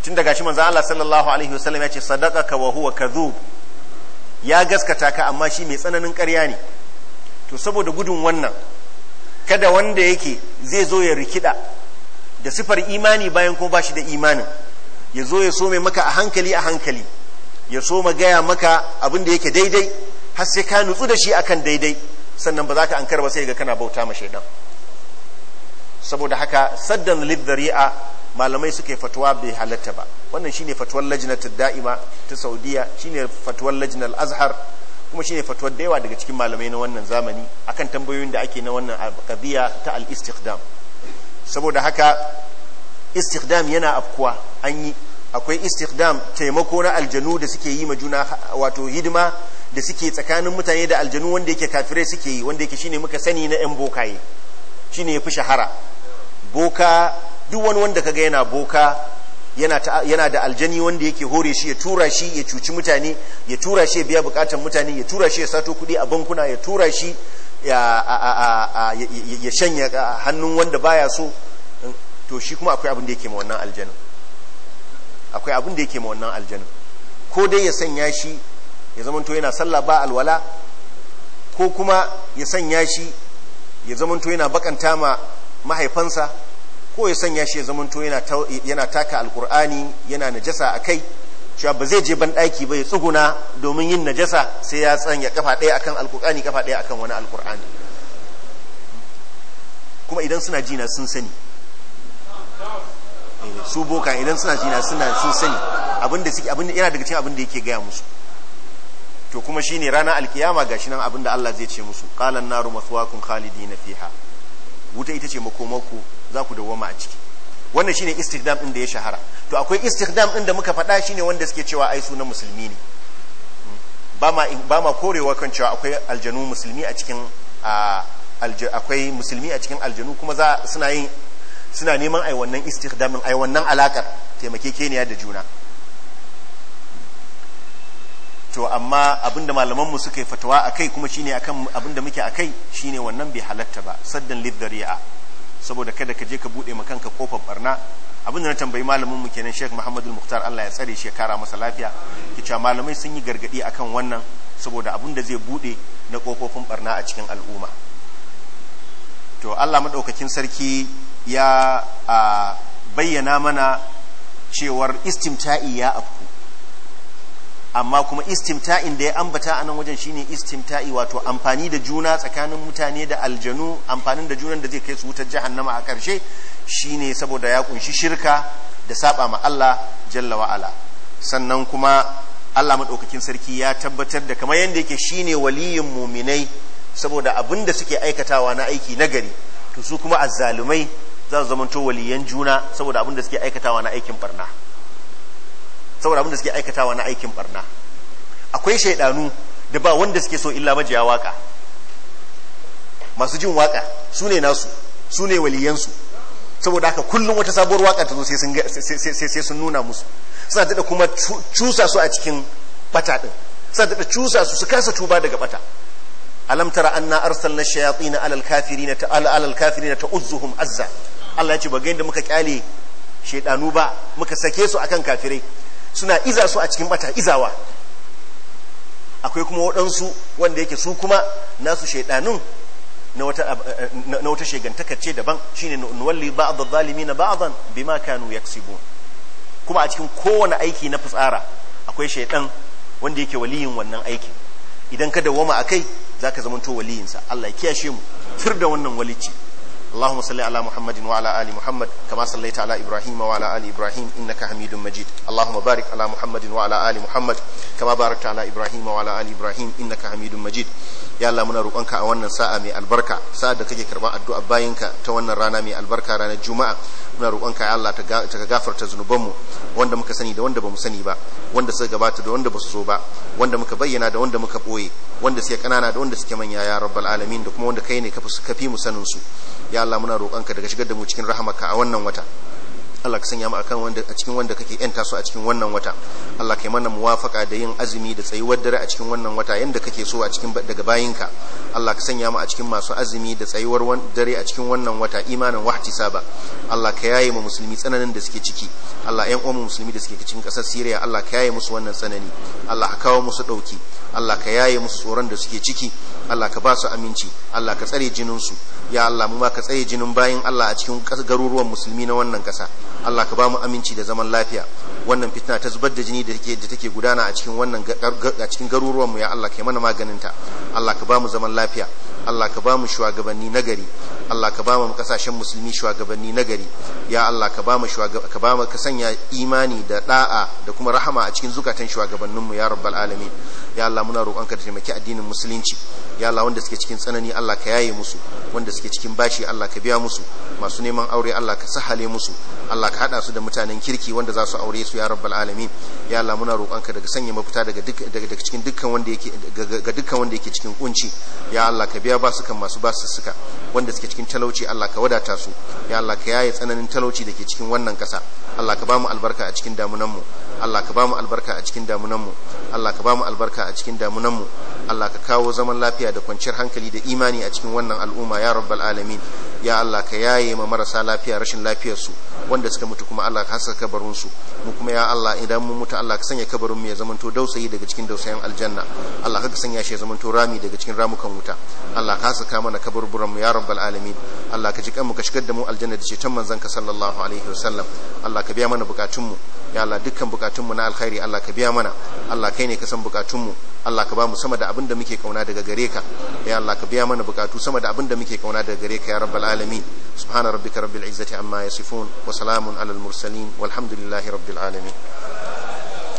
tun daga shi manzan Allah sallallahu alaihi wasallam ya ce sadaka ka wa huwa kadhub ya gaskata ka amma shi mai tsananin ƙarya ne to saboda gudun wannan kada wanda yake zai zo ya rikida da sifar imani bayan kuma shi da imanin ya zo ya so mai maka a hankali a hankali ya so ma gaya maka abin da yake daidai har sai ka nutsu da shi akan daidai sannan ba za ka ankar ba sai ga kana bauta ma shaidan saboda haka saddan lidhari'a malamai suke fatuwa bai halatta ba wannan shine fatuwar lajnatul da'ima ta Saudiya shine fatuwar lajnal azhar kuma shine fatuwar da yawa daga cikin malamai na wannan zamani akan tambayoyin da ake na wannan qadiya ta al-istikhdam saboda haka istikhdam yana afkuwa an yi akwai istikhdam taimako na aljanu da suke yi ma juna wato hidima da suke tsakanin mutane da aljanu wanda yake kafire suke yi wanda yake shine muka sani na 'yan bokaye shine ya fi shahara boka duk wani wanda kaga yana boka yana, ta, yana da aljani wanda yake hore shi ya tura shi ya cuci mutane ya tura shi ya biya bukatan mutane ya tura shi ya sato kudi a bankuna ya tura shi ya, ya shanya hannun wanda baya so um, to shi kuma akwai abin da yake ma wannan aljanin akwai abin da yake ma wannan aljanin ko dai ya sanya shi ya zamanto yana sallah ba alwala ko kuma ya sanya shi ya zamanto yana bakanta ma mahaifansa ko ya sanya shi ya zamanto yana taka alkur'ani yana najasa a kai cewa ba zai je banɗaki ba ya tsuguna domin yin najasa sai ya tsanya kafa ɗaya akan alkur'ani kafa ɗaya akan wani alkur'ani kuma idan suna jina sun sani eh, su boka idan suna jina suna sun sani abinda suke abinda yana daga cikin abinda yake gaya musu to kuma shine ranar alkiyama gashi nan abinda Allah zai ce musu qalan naru maswaakum khalidina fiha wuta ita ce makomako za ku dawoma a ciki wannan shine istikdam din da ya shahara to akwai istikdam din da muka faɗa shine wanda suke cewa ai sunan musulmi ne ba ma ba ma korewa kan cewa akwai aljanu musulmi a cikin akwai musulmi a cikin aljanu kuma za suna yin suna neman ai wannan istikdamin ai wannan alakar taimakekeniya da juna to amma abinda malamanmu suka yi fatawa a kai kuma shine akan abinda muke a kai shine wannan bai halatta ba saddan lidhari'a saboda kada ka je ka bude kanka kofar barna abinda na tambayi malamin mu kenan Sheikh Muhammadu Muktar Allah ya tsare shi ya kara masa lafiya kica malamai sun yi gargadi akan wannan saboda abinda zai bude na kofofin barna a cikin al'umma to Allah madaukakin sarki ya bayyana mana cewar istimta'i ya afku amma kuma istimta'in da ya ambata a nan wajen shine istimta'i wato amfani da juna tsakanin mutane da aljanu amfanin da junan da zai kai su wutar jahannama a ƙarshe shine saboda ya kunshi shirka da saba ma Allah jalla Ala. sannan kuma Allah madaukakin sarki ya tabbatar da kamar yanda yake shine waliyin muminai saboda abin da suke aikatawa na aiki nagari to su kuma azzalumai za su zamanto waliyan juna saboda abin da suke aikatawa na aikin barna saboda abin da suke aikatawa na aikin barna akwai shaidanu da ba wanda suke so illa majiya waka masu jin waka su ne nasu su ne waliyansu saboda haka kullum wata sabuwar waka ta zo sai sun nuna musu suna daɗa kuma cusa su a cikin bata ɗin suna daɗa cusa su su kasa tuba daga bata alam tara anna shayatsi na alal na ta alal kafiri ta uzzuhum azza Allah ya ce ba ga yadda muka kyale shaidanu ba muka sake su akan kafirai suna iza su a cikin bata izawa akwai kuma waɗansu wanda yake su kuma nasu shaidanun na wata eh, na ce daban ne nuwalli na adh-dhalimin bi ma kanu yaksibun kuma a cikin kowane aiki na fitsara akwai shaidan wanda yake waliyin wannan aikin idan ka dawoma ka zaka zamanto waliyinsa Allah ya kiyashe mu fir da wannan walici اللهم صل على محمد وعلى ال محمد كما صليت على ابراهيم وعلى ال ابراهيم انك حميد مجيد اللهم بارك على محمد وعلى ال محمد كما باركت على ابراهيم وعلى ال ابراهيم انك حميد مجيد ya Allah muna roƙonka a wannan sa'a mai albarka sa'a da kake karɓar addu'a bayinka ta wannan rana mai albarka ranar juma'a muna roƙonka ya Allah ta gafarta zunubanmu wanda muka sani da wanda bamu sani ba wanda suka gabata da wanda basu zo ba wanda muka bayyana da wanda muka ɓoye wanda suke ƙanana da wanda suke manya ya rabbal alamin da kuma wanda kai ne ka fi mu sanin su ya Allah muna roƙonka daga shigar da mu cikin rahamarka a wannan wata Allah ka sanya mu akan wanda a cikin wanda kake yanta su a cikin wannan wata Allah kai mana muwafaka da yin azumi da tsayuwar dare a cikin wannan wata yanda kake so a cikin daga bayinka Allah ka sanya mu a cikin masu azumi da tsayuwar dare a cikin wannan wata imanin saba Allah ka yaye mu musulmi tsananin da suke ciki Allah ya uwan musulmi da suke cikin kasar Syria Allah ka yaye musu wannan tsanani Allah ka kawo musu dauki Allah ka yaye musu tsoron da suke ciki Allah ka ba su aminci Allah ka tsare jininsu ya Allah mu ma ka tsare jinin bayin Allah a cikin garuruwan musulmi na wannan kasa Allah ka ba mu aminci da zaman lafiya wannan fitna ta zubar da jini da take da gudana a cikin wannan a cikin garuruwan mu ya Allah kai mana maganinta. Allah ka ba mu zaman lafiya Allah ka ba mu shugabanni nagari Allah ka ba mu kasashen musulmi shugabanni nagari ya Allah ka ba mu ka bamu ka sanya imani da da'a da kuma rahama a cikin zukatan shugabanninmu ya rabbal alamin ya Allah muna roƙonka da taimaki addinin musulunci ya Allah wanda suke cikin tsanani Allah ka yaye musu wanda suke cikin bashi Allah ka biya musu masu neman aure Allah ka sahale musu Allah ka hada su da mutanen kirki wanda za su aure su ya rabbal alamin ya Allah muna roƙonka daga sanya mafita daga daga dukkan wanda yake ga dukkan wanda yake cikin kunci ya Allah ka biya biya ba kan masu ba su suka wanda suke cikin talauci Allah ka wadata su ya Allah ka yaye tsananin talauci da ke cikin wannan kasa Allah ka ba mu albarka a cikin damunanmu Allah ka ba mu albarka a cikin damunanmu Allah ka ba mu albarka a cikin damunanmu Allah ka kawo zaman lafiya da kwanciyar hankali da imani a cikin wannan al'umma ya rabbal alamin ya Allah ka yaye ma marasa lafiya rashin lafiyar su wanda suka mutu kuma Allah ka hasa kabarin su mu kuma ya Allah idan mun mutu Allah ka sanya kabarin mu ya zamanto dausayi daga cikin dausayin aljanna Allah ka sanya shi ya zamanto rami daga cikin ramukan wuta Allah ka saka mana kaburburan mu ya rabbal alamin Allah ka ji kanmu ka shigar da mu aljanna da ceton manzon ka sallallahu alaihi wasallam Allah ka biya mana bukatun mu ya Allah dukkan bukatun mu na alkhairi Allah ka biya mana Allah kai ne ka san bukatun mu Allah ka ba mu sama da abin da muke kauna daga gare ka ya Allah ka biya mana bukatu sama da abin da muke kauna daga gare ka ya rabbal alamin subhana rabbika rabbil izzati amma yasifun wa salamun alal mursalin walhamdulillahi rabbil alamin